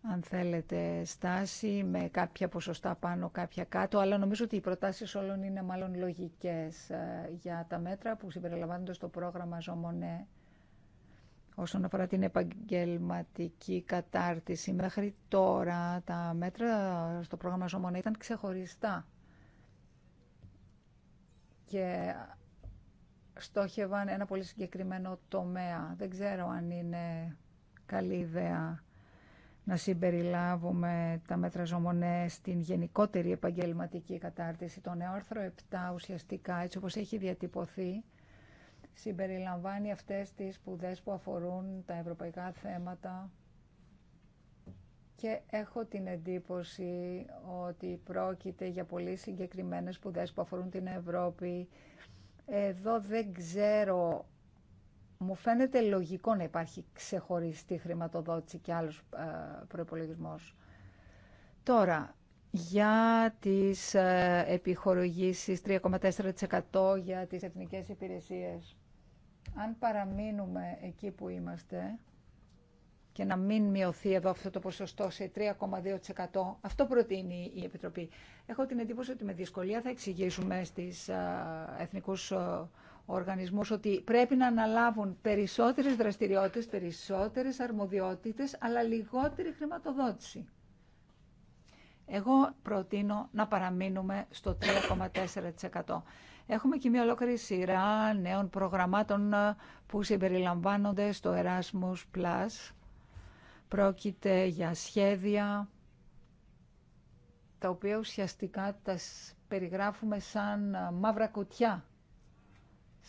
S3: αν θέλετε, στάση με κάποια ποσοστά πάνω, κάποια κάτω, αλλά νομίζω ότι οι προτάσει όλων είναι μάλλον λογικές ε, για τα μέτρα που συμπεριλαμβάνονται στο πρόγραμμα Ζωμονέ όσον αφορά την επαγγελματική κατάρτιση. Μέχρι τώρα τα μέτρα στο πρόγραμμα Ζωμονέ ήταν ξεχωριστά και στόχευαν ένα πολύ συγκεκριμένο τομέα. Δεν ξέρω αν είναι καλή ιδέα να συμπεριλάβουμε τα μέτρα ζωμονέ στην γενικότερη επαγγελματική κατάρτιση. Το νέο άρθρο 7 ουσιαστικά, έτσι όπως έχει διατυπωθεί, συμπεριλαμβάνει αυτές τις σπουδέ που αφορούν τα ευρωπαϊκά θέματα και έχω την εντύπωση ότι πρόκειται για πολύ συγκεκριμένες σπουδέ που αφορούν την Ευρώπη. Εδώ δεν ξέρω μου φαίνεται λογικό να υπάρχει ξεχωριστή χρηματοδότηση και άλλος ε, προϋπολογισμός. Τώρα, για τις ε, επιχορηγήσεις 3,4% για τις εθνικές υπηρεσίες. Αν παραμείνουμε εκεί που είμαστε και να μην μειωθεί εδώ αυτό το ποσοστό σε 3,2%, αυτό προτείνει η Επιτροπή. Έχω την εντύπωση ότι με δυσκολία θα εξηγήσουμε στις ε, εθνικούς οργανισμός ότι πρέπει να αναλάβουν περισσότερες δραστηριότητες, περισσότερες αρμοδιότητες, αλλά λιγότερη χρηματοδότηση. Εγώ προτείνω να παραμείνουμε στο 3,4%. Έχουμε και μια ολόκληρη σειρά νέων προγραμμάτων ε, που συμπεριλαμβάνονται στο Erasmus+. Plus. Πρόκειται για σχέδια τα οποία ουσιαστικά τα περιγράφουμε σαν ε, μαύρα κουτιά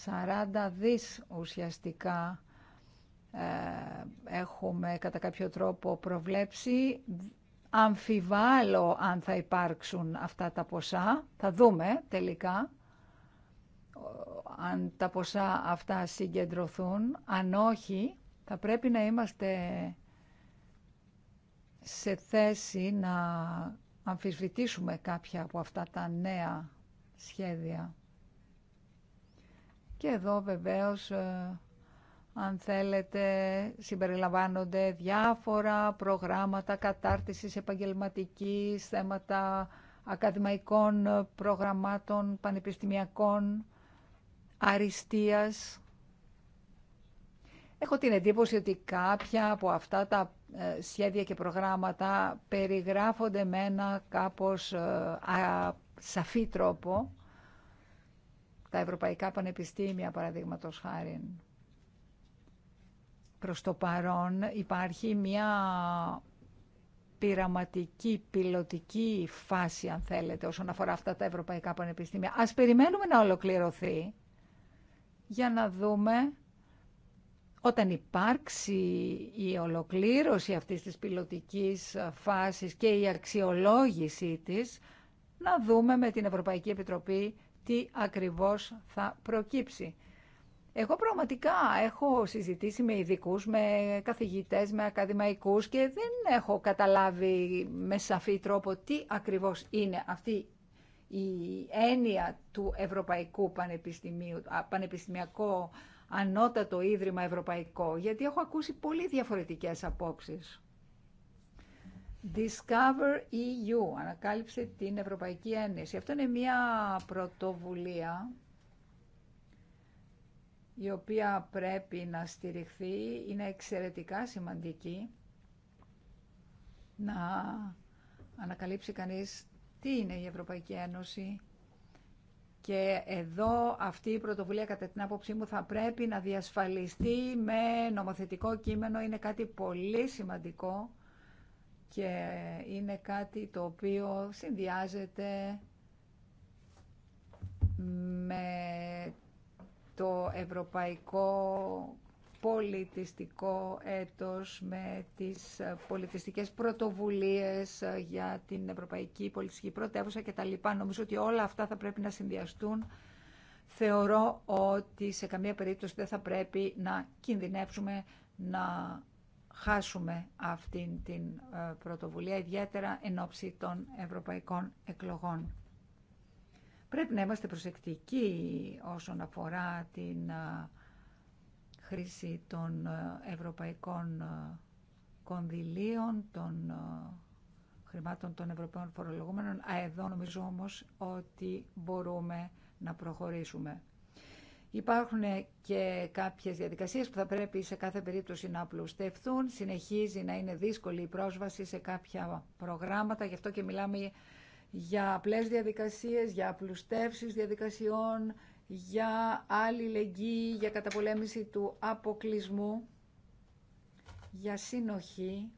S3: 40 δις ουσιαστικά ε, έχουμε κατά κάποιο τρόπο προβλέψει. Αμφιβάλλω αν θα υπάρξουν αυτά τα ποσά. Θα δούμε τελικά ε, αν τα ποσά αυτά συγκεντρωθούν. Αν όχι, θα πρέπει να είμαστε σε θέση να αμφισβητήσουμε κάποια από αυτά τα νέα σχέδια. Και εδώ βεβαίως, ε, αν θέλετε, συμπεριλαμβάνονται διάφορα προγράμματα κατάρτισης επαγγελματικής, θέματα ακαδημαϊκών προγραμμάτων, πανεπιστημιακών, αριστείας. Έχω την εντύπωση ότι κάποια από αυτά τα ε, σχέδια και προγράμματα περιγράφονται με ένα κάπως ε, σαφή τρόπο τα ευρωπαϊκά πανεπιστήμια παραδείγματο χάρη. Προς το παρόν υπάρχει μια πειραματική, πιλωτική φάση, αν θέλετε, όσον αφορά αυτά τα ευρωπαϊκά πανεπιστήμια. Ας περιμένουμε να ολοκληρωθεί για να δούμε όταν υπάρξει η ολοκλήρωση αυτής της πιλωτικής φάσης και η αξιολόγησή της, να δούμε με την Ευρωπαϊκή Επιτροπή τι ακριβώς θα προκύψει. Εγώ πραγματικά έχω συζητήσει με ειδικού, με καθηγητές, με ακαδημαϊκούς και δεν έχω καταλάβει με σαφή τρόπο τι ακριβώς είναι αυτή η έννοια του Ευρωπαϊκού Πανεπιστημίου, Πανεπιστημιακό Ανώτατο Ίδρυμα Ευρωπαϊκό, γιατί έχω ακούσει πολύ διαφορετικές απόψεις. Discover EU, ανακάλυψε την Ευρωπαϊκή Ένωση. Αυτό είναι μια πρωτοβουλία η οποία πρέπει να στηριχθεί, είναι εξαιρετικά σημαντική να ανακαλύψει κανείς τι είναι η Ευρωπαϊκή Ένωση και εδώ αυτή η πρωτοβουλία κατά την άποψή μου θα πρέπει να διασφαλιστεί με νομοθετικό κείμενο, είναι κάτι πολύ σημαντικό και είναι κάτι το οποίο συνδυάζεται με το ευρωπαϊκό πολιτιστικό έτος, με τις πολιτιστικές πρωτοβουλίες για την ευρωπαϊκή πολιτιστική πρωτεύουσα κτλ. Νομίζω ότι όλα αυτά θα πρέπει να συνδυαστούν. Θεωρώ ότι σε καμία περίπτωση δεν θα πρέπει να κινδυνεύσουμε να χάσουμε αυτήν την ε, πρωτοβουλία, ιδιαίτερα εν ώψη των ευρωπαϊκών εκλογών. Πρέπει να είμαστε προσεκτικοί όσον αφορά την ε, χρήση των ε, ευρωπαϊκών κονδυλίων, των χρημάτων των ευρωπαίων φορολογούμενων. Α, εδώ νομίζω όμως ότι μπορούμε να προχωρήσουμε. Υπάρχουν και κάποιες διαδικασίες που θα πρέπει σε κάθε περίπτωση να απλουστευτούν. Συνεχίζει να είναι δύσκολη η πρόσβαση σε κάποια προγράμματα, γι' αυτό και μιλάμε για απλές διαδικασίες, για απλουστεύσεις διαδικασιών, για αλληλεγγύη, για καταπολέμηση του αποκλεισμού, για συνοχή.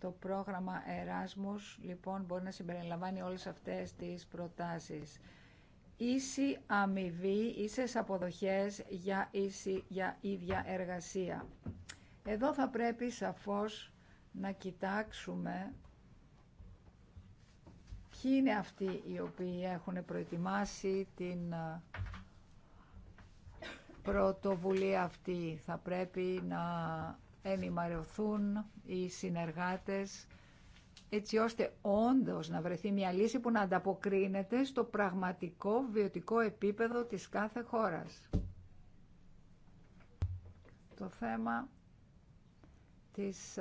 S3: Το πρόγραμμα Εράσμους, λοιπόν, μπορεί να συμπεριλαμβάνει όλες αυτές τις προτάσεις ίση αμοιβή, ίσες αποδοχές για, ίση, για ίδια εργασία. Εδώ θα πρέπει σαφώς να κοιτάξουμε ποιοι είναι αυτοί οι οποίοι έχουν προετοιμάσει την πρωτοβουλία αυτή. Θα πρέπει να ενημερωθούν οι συνεργάτες έτσι ώστε όντως να βρεθεί μια λύση που να ανταποκρίνεται στο πραγματικό βιωτικό επίπεδο της κάθε χώρας. Το θέμα της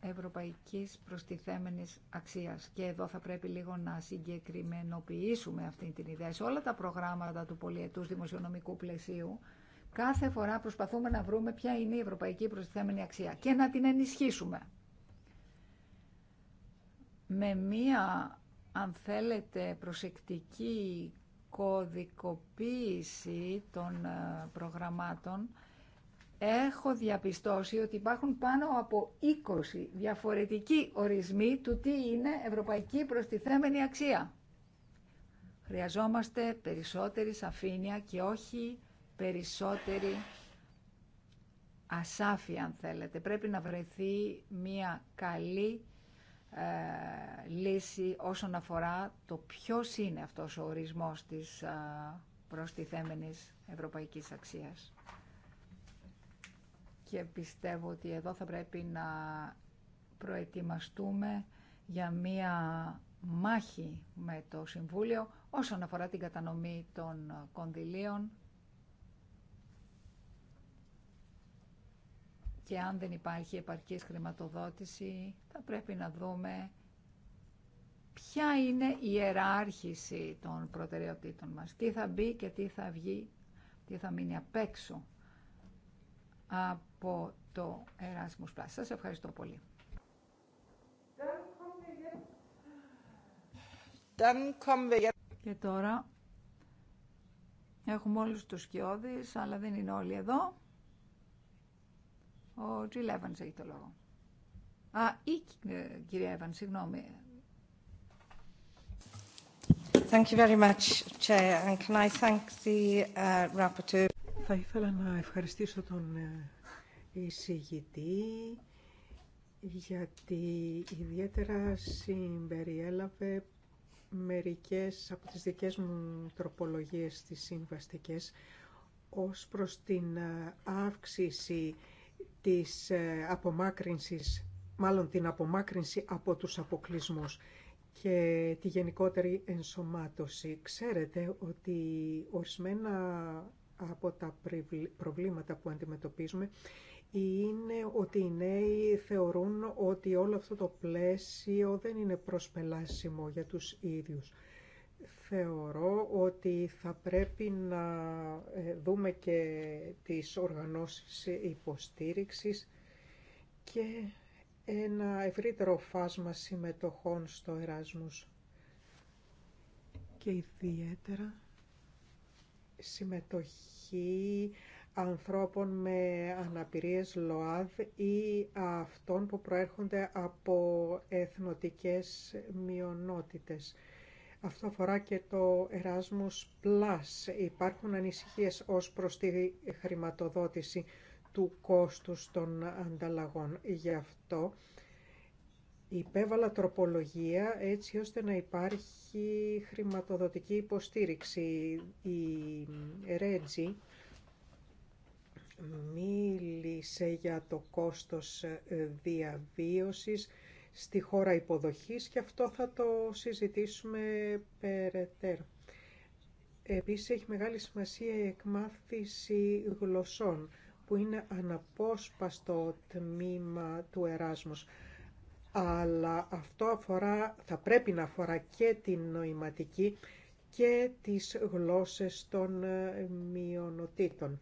S3: ευρωπαϊκής προστιθέμενης αξίας. Και εδώ θα πρέπει λίγο να συγκεκριμενοποιήσουμε αυτή την ιδέα. Σε όλα τα προγράμματα του πολιετούς δημοσιονομικού πλαισίου, κάθε φορά προσπαθούμε να βρούμε ποια είναι η ευρωπαϊκή προστιθέμενη αξία και να την ενισχύσουμε με μία, αν θέλετε, προσεκτική κωδικοποίηση των ε, προγραμμάτων, έχω διαπιστώσει ότι υπάρχουν πάνω από 20 διαφορετικοί ορισμοί του τι είναι ευρωπαϊκή προστιθέμενη αξία. Χρειαζόμαστε περισσότερη σαφήνεια και όχι περισσότερη ασάφεια αν θέλετε. Πρέπει να βρεθεί μια καλή ε, λύση όσον αφορά το ποιος είναι αυτός ο ορισμός της ε, προστιθέμενης ευρωπαϊκής αξίας. Και πιστεύω ότι εδώ θα πρέπει να προετοιμαστούμε για μία μάχη με το Συμβούλιο όσον αφορά την κατανομή των κονδυλίων και αν δεν υπάρχει επαρκής χρηματοδότηση θα πρέπει να δούμε ποια είναι η ιεράρχηση των προτεραιοτήτων μας. Τι θα μπει και τι θα βγει, τι θα μείνει απ' έξω από το Erasmus Plus. Σας ευχαριστώ πολύ. Και τώρα έχουμε όλους τους σκιώδεις, αλλά δεν είναι όλοι εδώ. Ο Τζιλ Εύανς έχει το λόγο. Α, ή ε, κυρία Εύαν, συγγνώμη. Thank you very much, Chair, and can I thank the uh,
S1: rapporteur. Θα ήθελα να ευχαριστήσω τον ε, εισηγητή γιατί ιδιαίτερα συμπεριέλαβε μερικές από τις δικές μου τροπολογίες τις συμβαστικές ως προς την ε, αύξηση της ε, απομάκρυνσης, μάλλον την απομάκρυνση από τους αποκλεισμούς και τη γενικότερη ενσωμάτωση. Ξέρετε ότι ορισμένα από τα προβλήματα που αντιμετωπίζουμε είναι ότι οι νέοι θεωρούν ότι όλο αυτό το πλαίσιο δεν είναι προσπελάσιμο για τους ίδιους. Θεωρώ ότι θα πρέπει να ε, δούμε και τις οργανώσεις υποστήριξης και ένα ευρύτερο φάσμα συμμετοχών στο Εράσμους και ιδιαίτερα συμμετοχή ανθρώπων με αναπηρίες ΛΟΑΔ ή αυτών που προέρχονται από εθνοτικές μειονότητες. Αυτό αφορά και το Erasmus Plus. Υπάρχουν ανησυχίες ως προς τη χρηματοδότηση του κόστους των ανταλλαγών. Γι' αυτό υπέβαλα τροπολογία έτσι ώστε να υπάρχει χρηματοδοτική υποστήριξη. Η Ρέτζη μίλησε για το κόστος διαβίωσης στη χώρα υποδοχής και αυτό θα το συζητήσουμε περαιτέρω. Επίσης έχει μεγάλη σημασία η εκμάθηση γλωσσών που είναι αναπόσπαστο τμήμα του Εράσμους. Αλλά αυτό αφορά, θα πρέπει να αφορά και την νοηματική και τις γλώσσες των μειονοτήτων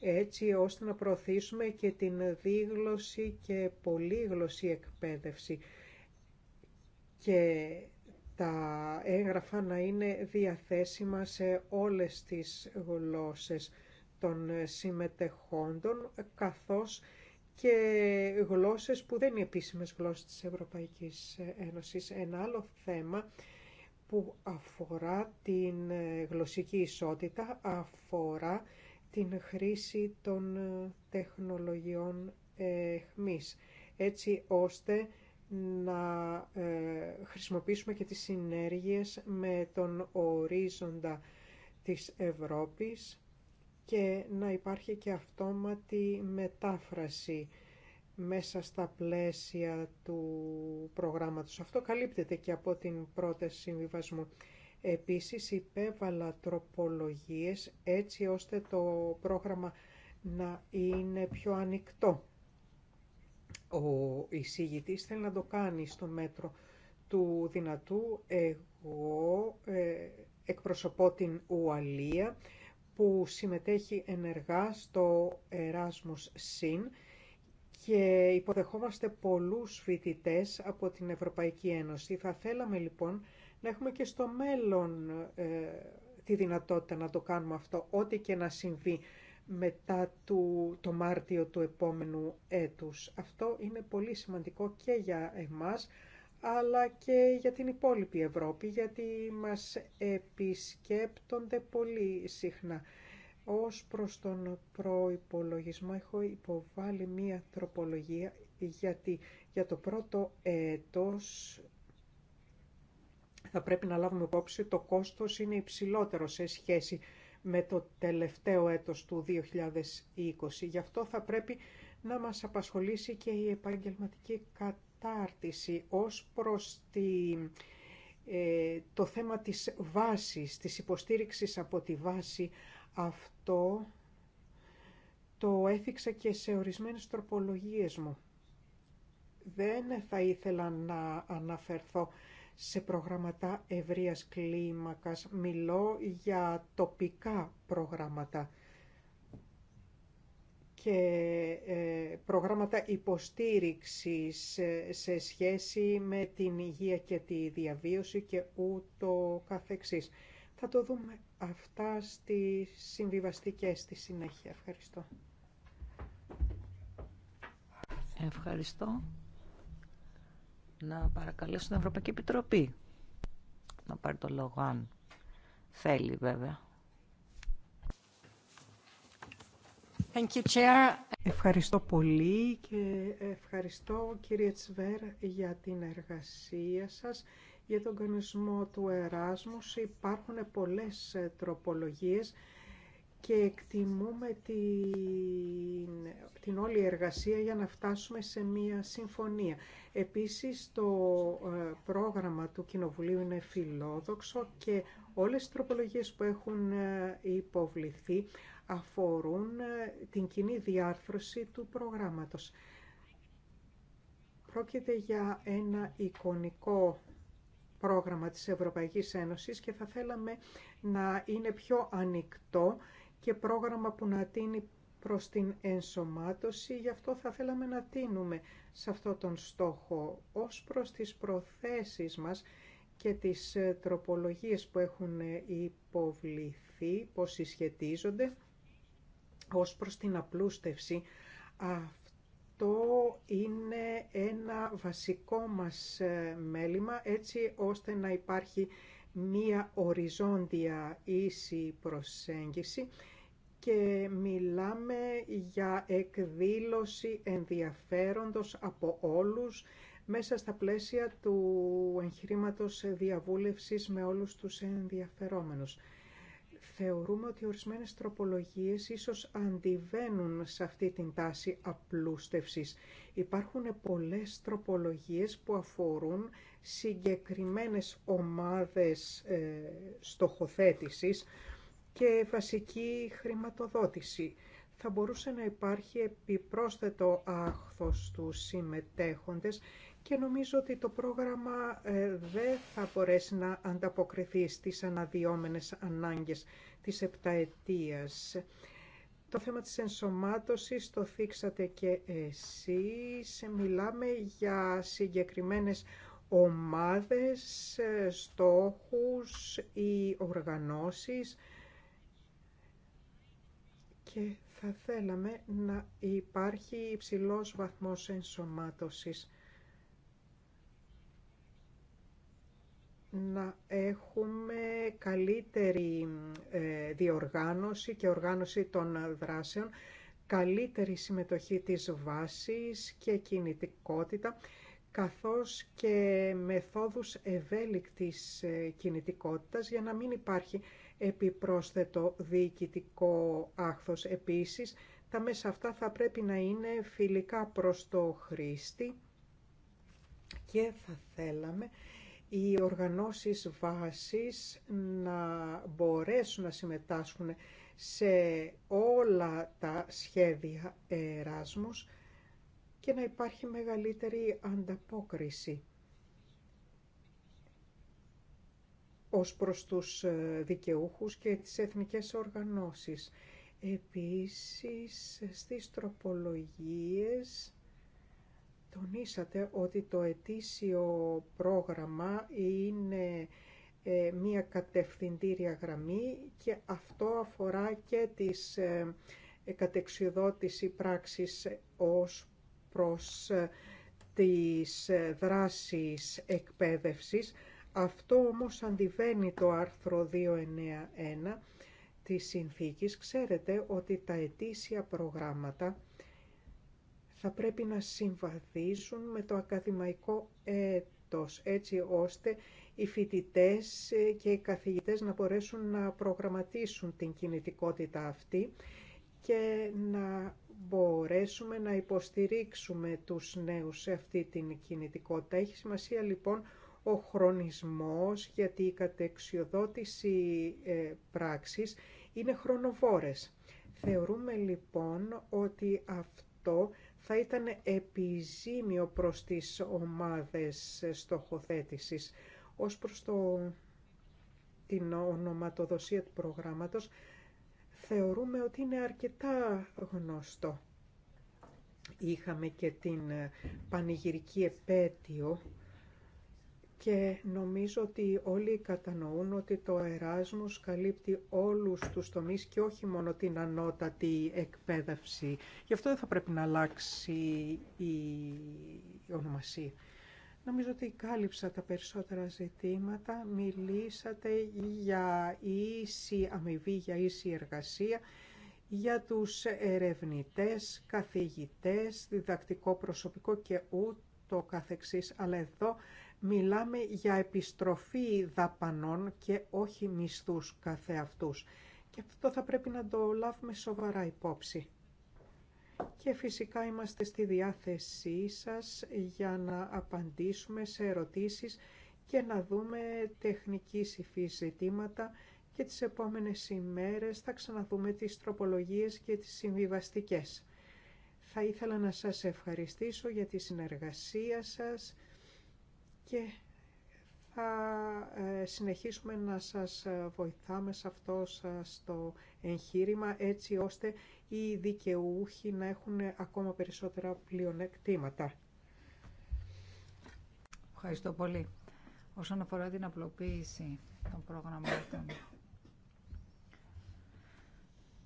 S1: έτσι ώστε να προωθήσουμε και την δίγλωση και πολύγλωση εκπαίδευση και τα έγγραφα να είναι διαθέσιμα σε όλες τις γλώσσες των συμμετεχόντων καθώς και γλώσσες που δεν είναι επίσημες γλώσσες της Ευρωπαϊκής Ένωσης. Ένα άλλο θέμα που αφορά την γλωσσική ισότητα αφορά την χρήση των ε, τεχνολογιών ε, εχμής, έτσι ώστε να ε, χρησιμοποιήσουμε και τις συνέργειες με τον ορίζοντα της Ευρώπης και να υπάρχει και αυτόματη μετάφραση μέσα στα πλαίσια του προγράμματος. Αυτό καλύπτεται και από την πρώτη συμβιβασμού. Επίσης υπέβαλα τροπολογίες έτσι ώστε το πρόγραμμα να είναι πιο ανοιχτό. Ο εισηγητής θέλει να το κάνει στο μέτρο του δυνατού. Εγώ ε, εκπροσωπώ την Ουαλία που συμμετέχει ενεργά στο Erasmus Συν και υποδεχόμαστε πολλούς φοιτητές από την Ευρωπαϊκή Ένωση. Θα θέλαμε λοιπόν να έχουμε και στο μέλλον ε, τη δυνατότητα να το κάνουμε αυτό, ό,τι και να συμβεί μετά του, το Μάρτιο του επόμενου έτους. Αυτό είναι πολύ σημαντικό και για εμάς, αλλά και για την υπόλοιπη Ευρώπη, γιατί μας επισκέπτονται πολύ συχνά. Ως προς τον προϋπολογισμό έχω υποβάλει μία τροπολογία, γιατί για το πρώτο έτος θα πρέπει να λάβουμε υπόψη το κόστος είναι υψηλότερο σε σχέση με το τελευταίο έτος του 2020. Γι' αυτό θα πρέπει να μας απασχολήσει και η επαγγελματική κατάρτιση ως προς τη, ε, το θέμα της βάσης, της υποστήριξης από τη βάση. Αυτό το έθιξα και σε ορισμένες τροπολογίες μου. Δεν θα ήθελα να αναφερθώ σε προγράμματα ευρείας κλίμακας. Μιλώ για τοπικά προγράμματα και ε, προγράμματα υποστήριξης ε, σε σχέση με την υγεία και τη διαβίωση και ούτω καθεξής. Θα το δούμε αυτά στη συμβιβαστικές στη συνέχεια. Ευχαριστώ.
S2: Ευχαριστώ να παρακαλέσω την Ευρωπαϊκή Επιτροπή να πάρει το λόγο, αν θέλει βέβαια.
S1: Ευχαριστώ πολύ και ευχαριστώ κύριε Τσβέρ για την εργασία σας. Για τον κανονισμό του Ερασμού. υπάρχουν πολλές τροπολογίες και εκτιμούμε την, την όλη εργασία για να φτάσουμε σε μία συμφωνία. Επίσης, το ε, πρόγραμμα του Κοινοβουλίου είναι φιλόδοξο και όλες οι τροπολογίες που έχουν ε, υποβληθεί αφορούν ε, την κοινή διάρθρωση του προγράμματος. Πρόκειται για ένα εικονικό πρόγραμμα της Ευρωπαϊκής Ένωσης και θα θέλαμε να είναι πιο ανοιχτό και πρόγραμμα που να τίνει προς την ενσωμάτωση, γι' αυτό θα θέλαμε να τίνουμε σε αυτό τον στόχο ως προς τις προθέσεις μας και τις ε, τροπολογίες που έχουν ε, υποβληθεί, πώς συσχετίζονται ως προς την απλούστευση. Αυτό είναι ένα βασικό μας ε, μέλημα έτσι ώστε να υπάρχει μία οριζόντια ίση προσέγγιση και μιλάμε για εκδήλωση ενδιαφέροντος από όλους μέσα στα πλαίσια του εγχειρήματος διαβούλευσης με όλους τους ενδιαφερόμενους. Θεωρούμε ότι ορισμένες τροπολογίες ίσως αντιβαίνουν σε αυτή την τάση απλούστευσης. Υπάρχουν πολλές τροπολογίες που αφορούν συγκεκριμένες ομάδες ε, στοχοθέτησης και βασική χρηματοδότηση. Θα μπορούσε να υπάρχει επιπρόσθετο άχθος του συμμετέχοντες και νομίζω ότι το πρόγραμμα ε, δεν θα μπορέσει να ανταποκριθεί στις αναδυόμενες ανάγκες της επταετίας. Το θέμα της ενσωμάτωσης το θίξατε και εσείς. Μιλάμε για συγκεκριμένες ομάδες, ε, στόχους ή οργανώσεις και θα θέλαμε να υπάρχει υψηλός βαθμός ενσωμάτωσης. να έχουμε καλύτερη ε, διοργάνωση και οργάνωση των δράσεων, καλύτερη συμμετοχή της βάσης και κινητικότητα, καθώς και μεθόδους ευέλικτης ε, κινητικότητας για να μην υπάρχει επιπρόσθετο διοικητικό άχθος. Επίσης, τα μέσα αυτά θα πρέπει να είναι φιλικά προς το χρήστη και θα θέλαμε οι οργανώσεις βάσης να μπορέσουν να συμμετάσχουν σε όλα τα σχέδια Εράσμους και να υπάρχει μεγαλύτερη ανταπόκριση ως προς τους ε, δικαιούχους και τις εθνικές οργανώσεις. Επίσης, στις τροπολογίες τονίσατε ότι το ετήσιο πρόγραμμα είναι ε, μία κατευθυντήρια γραμμή και αυτό αφορά και τις ε, κατεξιδότηση πράξης ως προς τις δράσεις εκπαίδευσης αυτό όμως αντιβαίνει το άρθρο 291 της συνθήκης. Ξέρετε ότι τα ετήσια προγράμματα θα πρέπει να συμβαδίζουν με το ακαδημαϊκό έτος, έτσι ώστε οι φοιτητές και οι καθηγητές να μπορέσουν να προγραμματίσουν την κινητικότητα αυτή και να μπορέσουμε να υποστηρίξουμε τους νέους σε αυτή την κινητικότητα. Έχει σημασία λοιπόν ο χρονισμός, γιατί η κατεξιοδότηση ε, πράξης είναι χρονοβόρες. Θεωρούμε λοιπόν ότι αυτό θα ήταν επιζήμιο προς τις ομάδες στοχοθέτησης ως προς το, την ονοματοδοσία του προγράμματος θεωρούμε ότι είναι αρκετά γνωστό. Είχαμε και την πανηγυρική επέτειο και νομίζω ότι όλοι κατανοούν ότι το Εράσμους καλύπτει όλους τους τομείς και όχι μόνο την ανώτατη εκπαίδευση. Γι' αυτό δεν θα πρέπει να αλλάξει η ονομασία. Νομίζω ότι κάλυψα τα περισσότερα ζητήματα. Μιλήσατε για ίση αμοιβή, για ίση εργασία, για τους ερευνητές, καθηγητές, διδακτικό προσωπικό και ούτω καθεξής. Αλλά εδώ Μιλάμε για επιστροφή δαπανών και όχι μισθούς καθεαυτούς. Και αυτό θα πρέπει να το λάβουμε σοβαρά υπόψη. Και φυσικά είμαστε στη διάθεσή σας για να απαντήσουμε σε ερωτήσεις και να δούμε τεχνική υφής ζητήματα και τις επόμενες ημέρες θα ξαναδούμε τις τροπολογίες και τις συμβιβαστικές. Θα ήθελα να σας ευχαριστήσω για τη συνεργασία σας και θα ε, συνεχίσουμε να σας ε, βοηθάμε σε αυτό σας το εγχείρημα έτσι ώστε οι δικαιούχοι να έχουν ακόμα περισσότερα πλειονεκτήματα.
S3: Ευχαριστώ πολύ. Όσον αφορά την απλοποίηση των προγραμμάτων,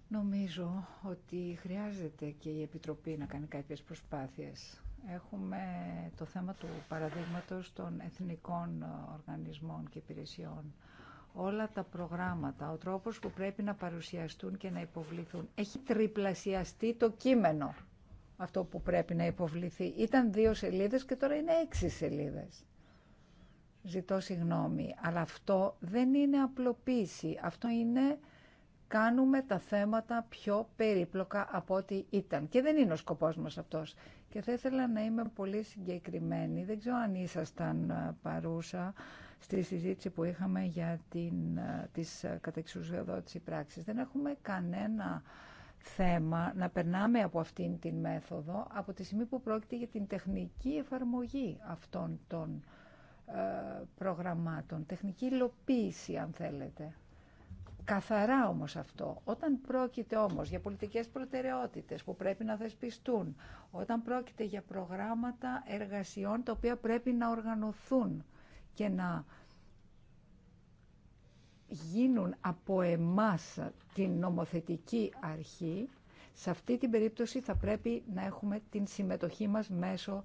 S3: νομίζω ότι χρειάζεται και η Επιτροπή να κάνει κάποιες προσπάθειες Έχουμε το θέμα του παραδείγματος των εθνικών οργανισμών και υπηρεσιών. Όλα τα προγράμματα, ο τρόπος που πρέπει να παρουσιαστούν και να υποβληθούν. Έχει τριπλασιαστεί το κείμενο αυτό που πρέπει να υποβληθεί. Ήταν δύο σελίδες και τώρα είναι έξι σελίδες. Ζητώ συγγνώμη, αλλά αυτό δεν είναι απλοποίηση. Αυτό είναι κάνουμε τα θέματα πιο περίπλοκα από ό,τι ήταν. Και δεν είναι ο σκοπός μας αυτός. Και θα ήθελα να είμαι πολύ συγκεκριμένη. Δεν ξέρω αν ήσασταν ε, παρούσα στη συζήτηση που είχαμε για την, ε, τις ε, κατεξουσιοδότηση πράξης. Δεν έχουμε κανένα θέμα να περνάμε από αυτήν την μέθοδο από τη στιγμή που πρόκειται για την τεχνική εφαρμογή αυτών των προγραμμάτων, τεχνική υλοποίηση αν θέλετε. Καθαρά όμως αυτό, όταν πρόκειται όμως για πολιτικές προτεραιότητες που πρέπει να θεσπιστούν, όταν πρόκειται για προγράμματα εργασιών τα οποία πρέπει να οργανωθούν και να γίνουν από εμάς την νομοθετική αρχή, σε αυτή την περίπτωση θα πρέπει να έχουμε την συμμετοχή μας μέσω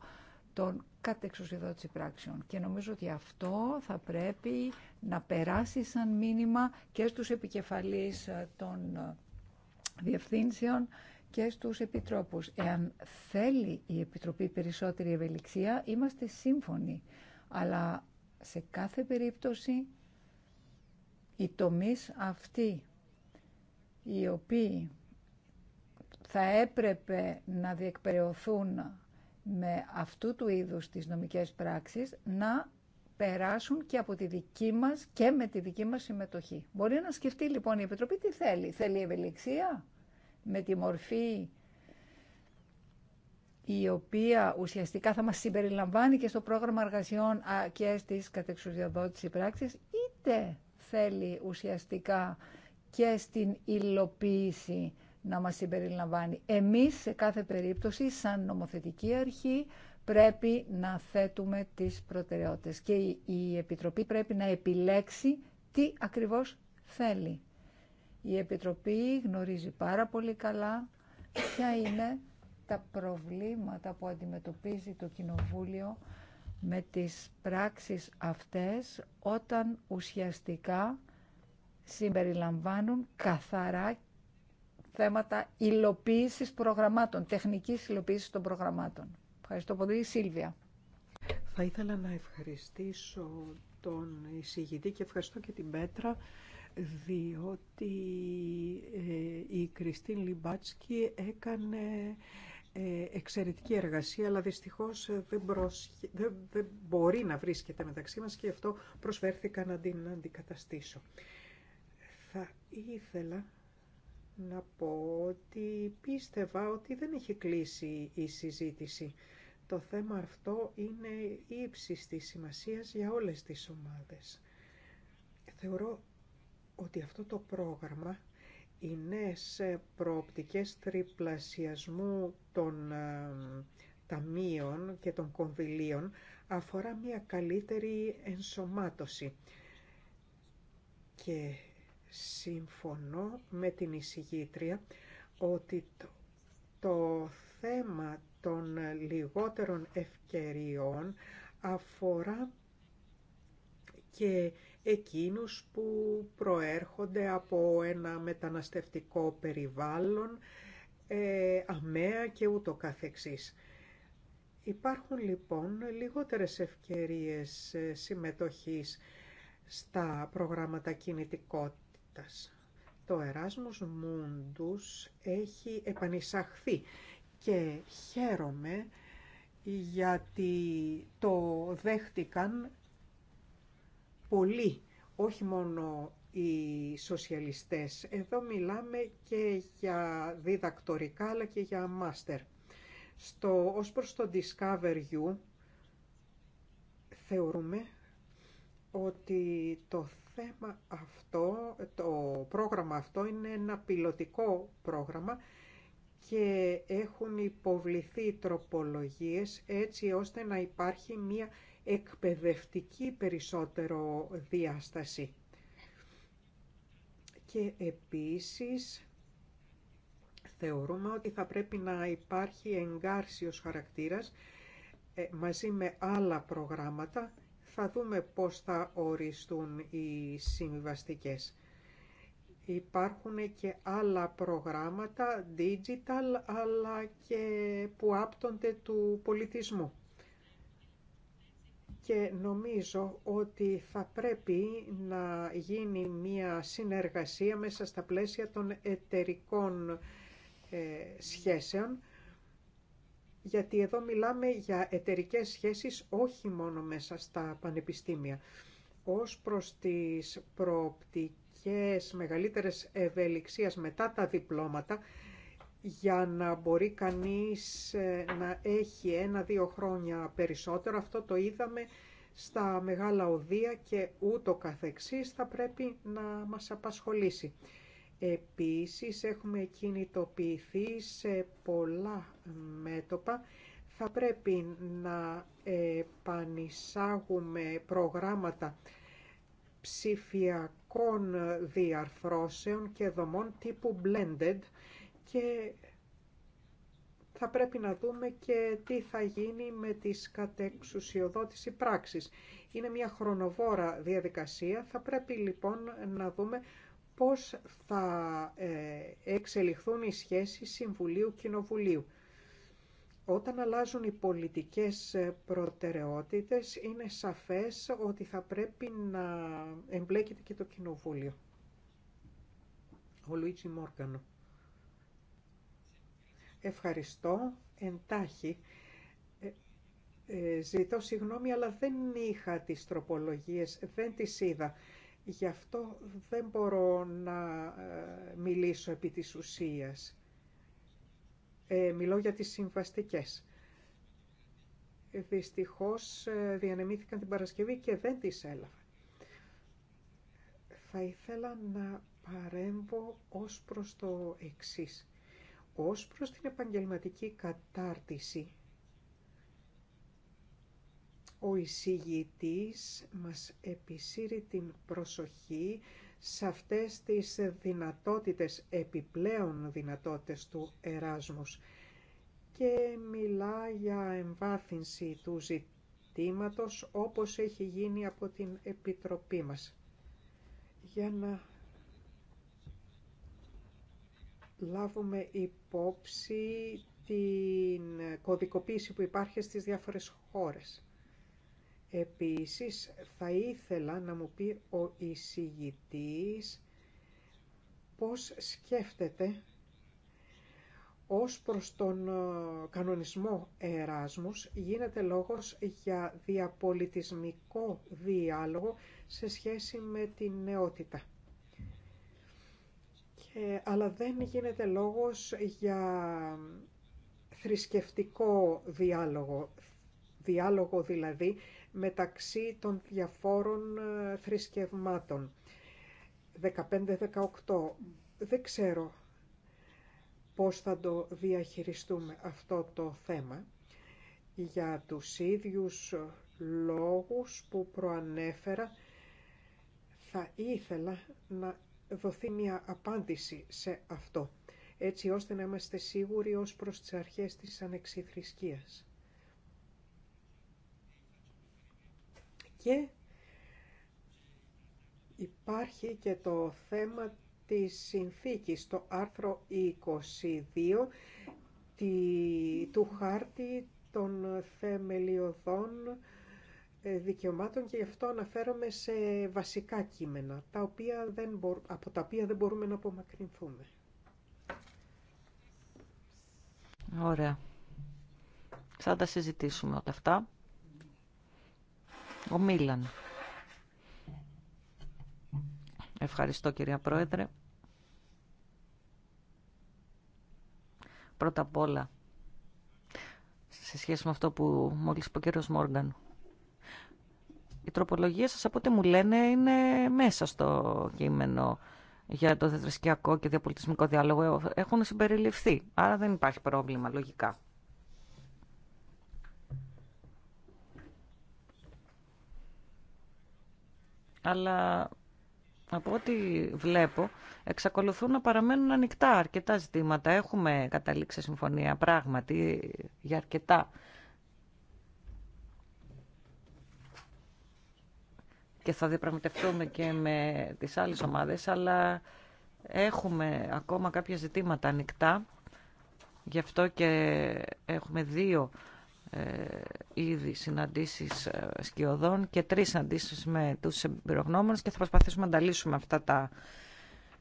S3: των κατεξουσιοδότηση πράξεων. Και νομίζω ότι αυτό θα πρέπει να περάσει σαν μήνυμα και στους επικεφαλείς ε, των ε, διευθύνσεων και στους επιτρόπους. Εάν θέλει η Επιτροπή περισσότερη ευελιξία, είμαστε σύμφωνοι. Αλλά σε κάθε περίπτωση οι τομείς αυτοί οι οποίοι θα έπρεπε να διεκπαιρεωθούν με αυτού του είδους τις νομικές πράξεις να περάσουν και από τη δική μας και με τη δική μας συμμετοχή. Μπορεί να σκεφτεί λοιπόν η Επιτροπή τι θέλει. Θέλει ευελιξία με τη μορφή η οποία ουσιαστικά θα μας συμπεριλαμβάνει και στο πρόγραμμα εργασιών και στις κατεξουδιοδότηση πράξεις, είτε θέλει ουσιαστικά και στην υλοποίηση να μας συμπεριλαμβάνει. Εμείς σε κάθε περίπτωση σαν νομοθετική αρχή πρέπει να θέτουμε τις προτεραιότητες και η Επιτροπή πρέπει να επιλέξει τι ακριβώς θέλει. Η Επιτροπή γνωρίζει πάρα πολύ καλά ποια είναι τα προβλήματα που αντιμετωπίζει το Κοινοβούλιο με τις πράξεις αυτές όταν ουσιαστικά συμπεριλαμβάνουν καθαρά θέματα υλοποίησης προγραμμάτων, τεχνικής υλοποίησης των προγραμμάτων. Ευχαριστώ πολύ, Σίλβια.
S1: Θα ήθελα να ευχαριστήσω τον εισηγητή και ευχαριστώ και την Πέτρα διότι ε, η Κριστίν Λιμπάτσκι έκανε ε, εξαιρετική εργασία, αλλά δυστυχώς ε, δεν, μπορεί να βρίσκεται μεταξύ μας και αυτό προσφέρθηκα να την αντικαταστήσω. Θα ήθελα να πω ότι πίστευα ότι δεν έχει κλείσει η συζήτηση. Το θέμα αυτό είναι ύψης της σημασίας για όλες τις ομάδες. Θεωρώ ότι αυτό το πρόγραμμα οι σε προοπτικές τριπλασιασμού των ε, ταμείων και των κονδυλίων αφορά μια καλύτερη ενσωμάτωση και Συμφωνώ με την εισηγήτρια ότι το, θέμα των λιγότερων ευκαιριών αφορά και εκείνους που προέρχονται από ένα μεταναστευτικό περιβάλλον, ε, αμαία και ούτω καθεξής. Υπάρχουν λοιπόν λιγότερες ευκαιρίες ε, συμμετοχής στα προγράμματα κινητικότητα. Το Erasmus Mundus έχει επανεισαχθεί και χαίρομαι γιατί το δέχτηκαν πολύ όχι μόνο οι σοσιαλιστές. Εδώ μιλάμε και για διδακτορικά αλλά και για μάστερ. Στο, ως προς το Discover You θεωρούμε ότι το θέμα αυτό, το πρόγραμμα αυτό είναι ένα πιλωτικό πρόγραμμα και έχουν υποβληθεί τροπολογίες έτσι ώστε να υπάρχει μία εκπαιδευτική περισσότερο διάσταση. Και επίσης θεωρούμε ότι θα πρέπει να υπάρχει εγκάρσιος χαρακτήρας ε, μαζί με άλλα προγράμματα θα δούμε πώς θα οριστούν οι συμβιβαστικές. Υπάρχουν και άλλα προγράμματα digital αλλά και που άπτονται του πολιτισμού. Και νομίζω ότι θα πρέπει να γίνει μία συνεργασία μέσα στα πλαίσια των εταιρικών ε, σχέσεων γιατί εδώ μιλάμε για εταιρικές σχέσεις όχι μόνο μέσα στα πανεπιστήμια. Ως προς τις προοπτικές μεγαλύτερες ευελιξίας μετά τα διπλώματα, για να μπορεί κανείς ε, να έχει ένα-δύο χρόνια περισσότερο, αυτό το είδαμε στα μεγάλα οδεία και ούτω καθεξής θα πρέπει να μας απασχολήσει. Επίσης έχουμε κινητοποιηθεί σε πολλά μέτωπα. Θα πρέπει να επανεισάγουμε προγράμματα ψηφιακών διαρθρώσεων και δομών τύπου blended και θα πρέπει να δούμε και τι θα γίνει με τις κατεξουσιοδότηση πράξης. Είναι μια χρονοβόρα διαδικασία, θα πρέπει λοιπόν να δούμε πώς θα ε, εξελιχθούν οι σχέσεις Συμβουλίου-Κοινοβουλίου. Όταν αλλάζουν οι πολιτικές ε, προτεραιότητες, είναι σαφές ότι θα πρέπει να εμπλέκεται και το Κοινοβούλιο. Ο Λουίτσι Μόργανο. Ευχαριστώ. Εντάχει. Ε, ζητώ συγγνώμη, αλλά δεν είχα τις τροπολογίες, δεν τις είδα. Γι' αυτό δεν μπορώ να ε, μιλήσω επί της ουσίας. Ε, μιλώ για τις συμβαστικές. Δυστυχώς ε, διανεμήθηκαν την Παρασκευή και δεν τις έλαβα. Θα ήθελα να παρέμβω ως προς το εξής. Ως προς την επαγγελματική κατάρτιση ο εισηγητής μας επισύρει την προσοχή σε αυτές τις δυνατότητες, επιπλέον δυνατότητες του Εράσμους και μιλά για εμβάθυνση του ζητήματος όπως έχει γίνει από την Επιτροπή μας. Για να λάβουμε υπόψη την κωδικοποίηση που υπάρχει στις διάφορες χώρες. Επίσης, θα ήθελα να μου πει ο εισηγητής πώς σκέφτεται ως προς τον ε, κανονισμό Εράσμους γίνεται λόγος για διαπολιτισμικό διάλογο σε σχέση με την νεότητα. Και, αλλά δεν γίνεται λόγος για θρησκευτικό διάλογο, διάλογο δηλαδή μεταξύ των διαφόρων ε, θρησκευμάτων. 15-18. Δεν ξέρω πώς θα το διαχειριστούμε αυτό το θέμα για τους ίδιους λόγους που προανέφερα θα ήθελα να δοθεί μια απάντηση σε αυτό έτσι ώστε να είμαστε σίγουροι ως προς τις αρχές της ανεξιθρησκείας. Και υπάρχει και το θέμα της συνθήκης, το άρθρο 22 τη, του χάρτη των θεμελιωδών ε, δικαιωμάτων και γι' αυτό αναφέρομαι σε βασικά κείμενα, τα οποία δεν από τα οποία δεν μπορούμε να απομακρυνθούμε.
S2: Ωραία. Θα τα συζητήσουμε όλα αυτά. Ο Μίλαν. Ευχαριστώ κυρία Πρόεδρε. Πρώτα απ' όλα, σε σχέση με αυτό που μόλις είπε ο κύριος Μόργαν, Η τροπολογία σας από ό,τι μου λένε είναι μέσα στο κείμενο για το θρησκειακό και διαπολιτισμικό διάλογο έχουν συμπεριληφθεί. Άρα δεν υπάρχει πρόβλημα, λογικά. αλλά από ό,τι βλέπω, εξακολουθούν να παραμένουν ανοιχτά αρκετά ζητήματα. Έχουμε καταλήξει συμφωνία πράγματι για αρκετά. Και θα διαπραγματευτούμε και με τις άλλες ομάδες, αλλά έχουμε ακόμα κάποια ζητήματα ανοιχτά. Γι' αυτό και έχουμε δύο ε, ήδη συναντήσεις ε, σκιωδών και τρεις συναντήσεις με τους εμπειρογνώμονες και θα προσπαθήσουμε να λύσουμε αυτά τα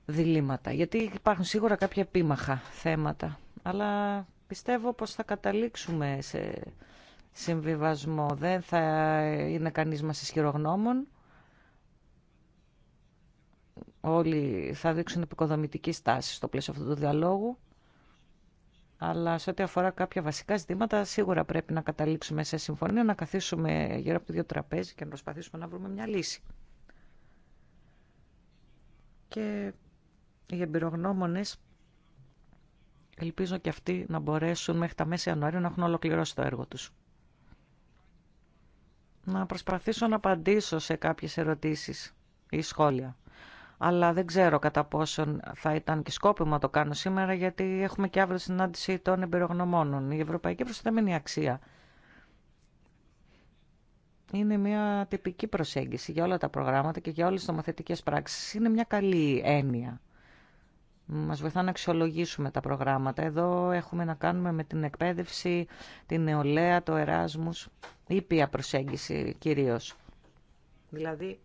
S2: διλήμματα. Γιατί υπάρχουν σίγουρα κάποια επίμαχα θέματα, αλλά πιστεύω πως θα καταλήξουμε σε συμβιβασμό. Δεν θα είναι κανείς μας ισχυρογνώμων. Όλοι θα δείξουν επικοδομητική στάση στο πλαίσιο αυτού του διαλόγου αλλά σε ό,τι αφορά κάποια βασικά ζητήματα, σίγουρα πρέπει να καταλήξουμε σε συμφωνία, να καθίσουμε γύρω από το δύο τραπέζι και να προσπαθήσουμε να βρούμε μια λύση. Και οι εμπειρογνώμονε ελπίζω και αυτοί να μπορέσουν μέχρι τα μέσα Ιανουαρίου να έχουν ολοκληρώσει το έργο τους. Να προσπαθήσω να απαντήσω σε κάποιες ερωτήσεις ή σχόλια αλλά δεν ξέρω κατά πόσον θα ήταν και σκόπιμο να το κάνω σήμερα, γιατί έχουμε και αύριο συνάντηση των εμπειρογνωμόνων. Η Ευρωπαϊκή Προστατεμένη Αξία είναι μια τυπική προσέγγιση για όλα τα προγράμματα και για όλες τις νομοθετικές πράξεις. Είναι μια καλή έννοια. Μας βοηθά να αξιολογήσουμε τα προγράμματα. Εδώ έχουμε να κάνουμε με την εκπαίδευση, την νεολαία, το εράσμους, ήπια προσέγγιση κυρίως. Δηλαδή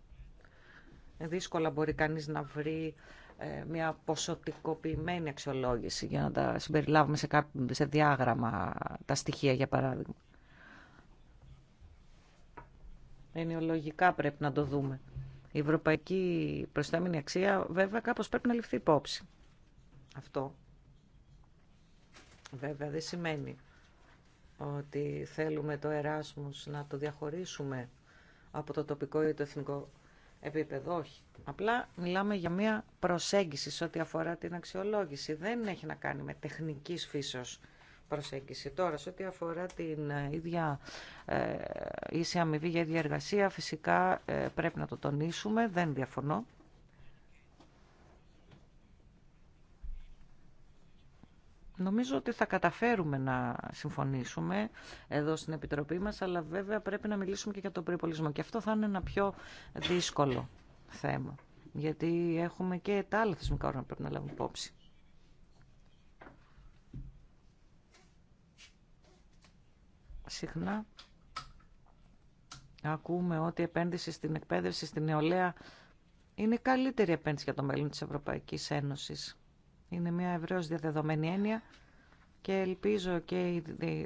S2: δύσκολα μπορεί κανείς να βρει ε, μια ποσοτικοποιημένη αξιολόγηση για να τα συμπεριλάβουμε σε, κάποιο, σε διάγραμμα τα στοιχεία για παράδειγμα. ενιολογικά πρέπει να το δούμε. Η ευρωπαϊκή προστάμενη αξία βέβαια κάπως πρέπει να ληφθεί υπόψη. Αυτό βέβαια δεν σημαίνει ότι θέλουμε το Εράσμους να το διαχωρίσουμε από το τοπικό ή το εθνικό επίπεδο, όχι. Απλά μιλάμε για μια προσέγγιση σε ό,τι αφορά την αξιολόγηση. Δεν έχει να κάνει με τεχνικής φύσεω προσέγγιση. Τώρα, σε ό,τι αφορά την ε, ίδια ε, ίση αμοιβή για ίδια εργασία, φυσικά ε, πρέπει να το τονίσουμε, δεν διαφωνώ. Νομίζω ότι θα καταφέρουμε να συμφωνήσουμε εδώ στην Επιτροπή μας, αλλά βέβαια πρέπει να μιλήσουμε και για τον προϋπολισμό. Και αυτό θα είναι ένα πιο δύσκολο θέμα, γιατί έχουμε και τα άλλα θεσμικά όργανα που πρέπει να λάβουμε υπόψη. Συχνά ακούμε ότι η επένδυση στην εκπαίδευση, στην νεολαία, είναι καλύτερη επένδυση για το μέλλον της Ευρωπαϊκής Ένωσης είναι μια ευρέως διαδεδομένη έννοια και ελπίζω και ε,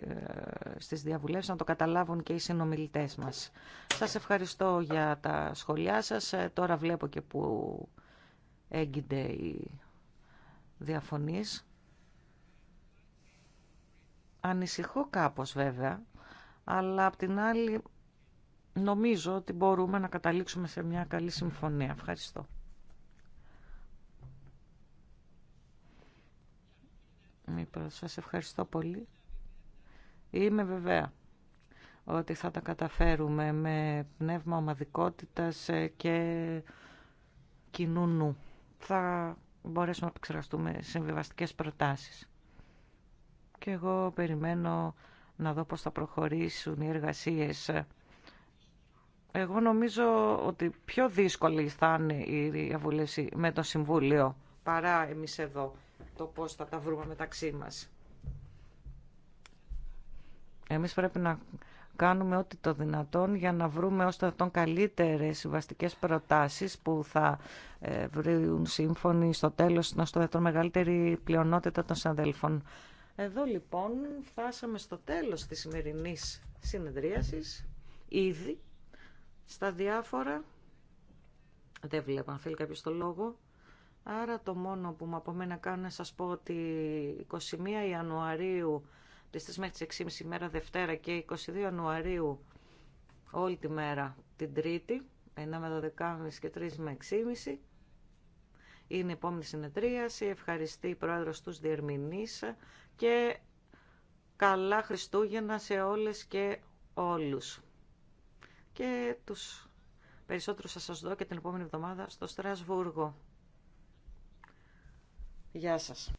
S2: στις διαβουλεύσεις να το καταλάβουν και οι συνομιλητές μας. Σας ευχαριστώ για τα σχολιά σας. Ε, τώρα βλέπω και που έγκυνται οι διαφωνείς. Ανησυχώ κάπως βέβαια, αλλά απ' την άλλη νομίζω ότι μπορούμε να καταλήξουμε σε μια καλή συμφωνία. Ευχαριστώ. Μήπως σας ευχαριστώ πολύ. Είμαι βεβαία ότι θα τα καταφέρουμε με πνεύμα ομαδικότητας και κοινού νου. Θα μπορέσουμε να επεξεργαστούμε συμβιβαστικέ προτάσεις. Και εγώ περιμένω να δω πώς θα προχωρήσουν οι εργασίες. Εγώ νομίζω ότι πιο δύσκολη θα είναι η διαβούλευση με το Συμβούλιο παρά εμείς εδώ το πώς θα τα βρούμε μεταξύ μας. Εμείς πρέπει να κάνουμε ό,τι το δυνατόν για να βρούμε ως το τον καλύτερες συμβαστικές προτάσεις που θα ε, βρουν σύμφωνοι στο τέλος να στο δυνατόν μεγαλύτερη πλειονότητα των συναδέλφων. Εδώ λοιπόν φτάσαμε στο τέλος της σημερινής συνεδρίασης ήδη στα διάφορα δεν βλέπω αν θέλει κάποιος το λόγο Άρα το μόνο που μου απομένει να κάνω να σας πω ότι 21 Ιανουαρίου, τις 3 μέχρι τις 6.30 ημέρα Δευτέρα και 22 Ιανουαρίου όλη τη μέρα την Τρίτη, 1 με 12.30 και 3 με 6.30, είναι η επόμενη συνεδρίαση. Ευχαριστεί η Πρόεδρος τους Διερμηνής και καλά Χριστούγεννα σε όλες και όλους. Και τους περισσότερους θα σας δω και την επόμενη εβδομάδα στο Στρασβούργο. Γεια σας.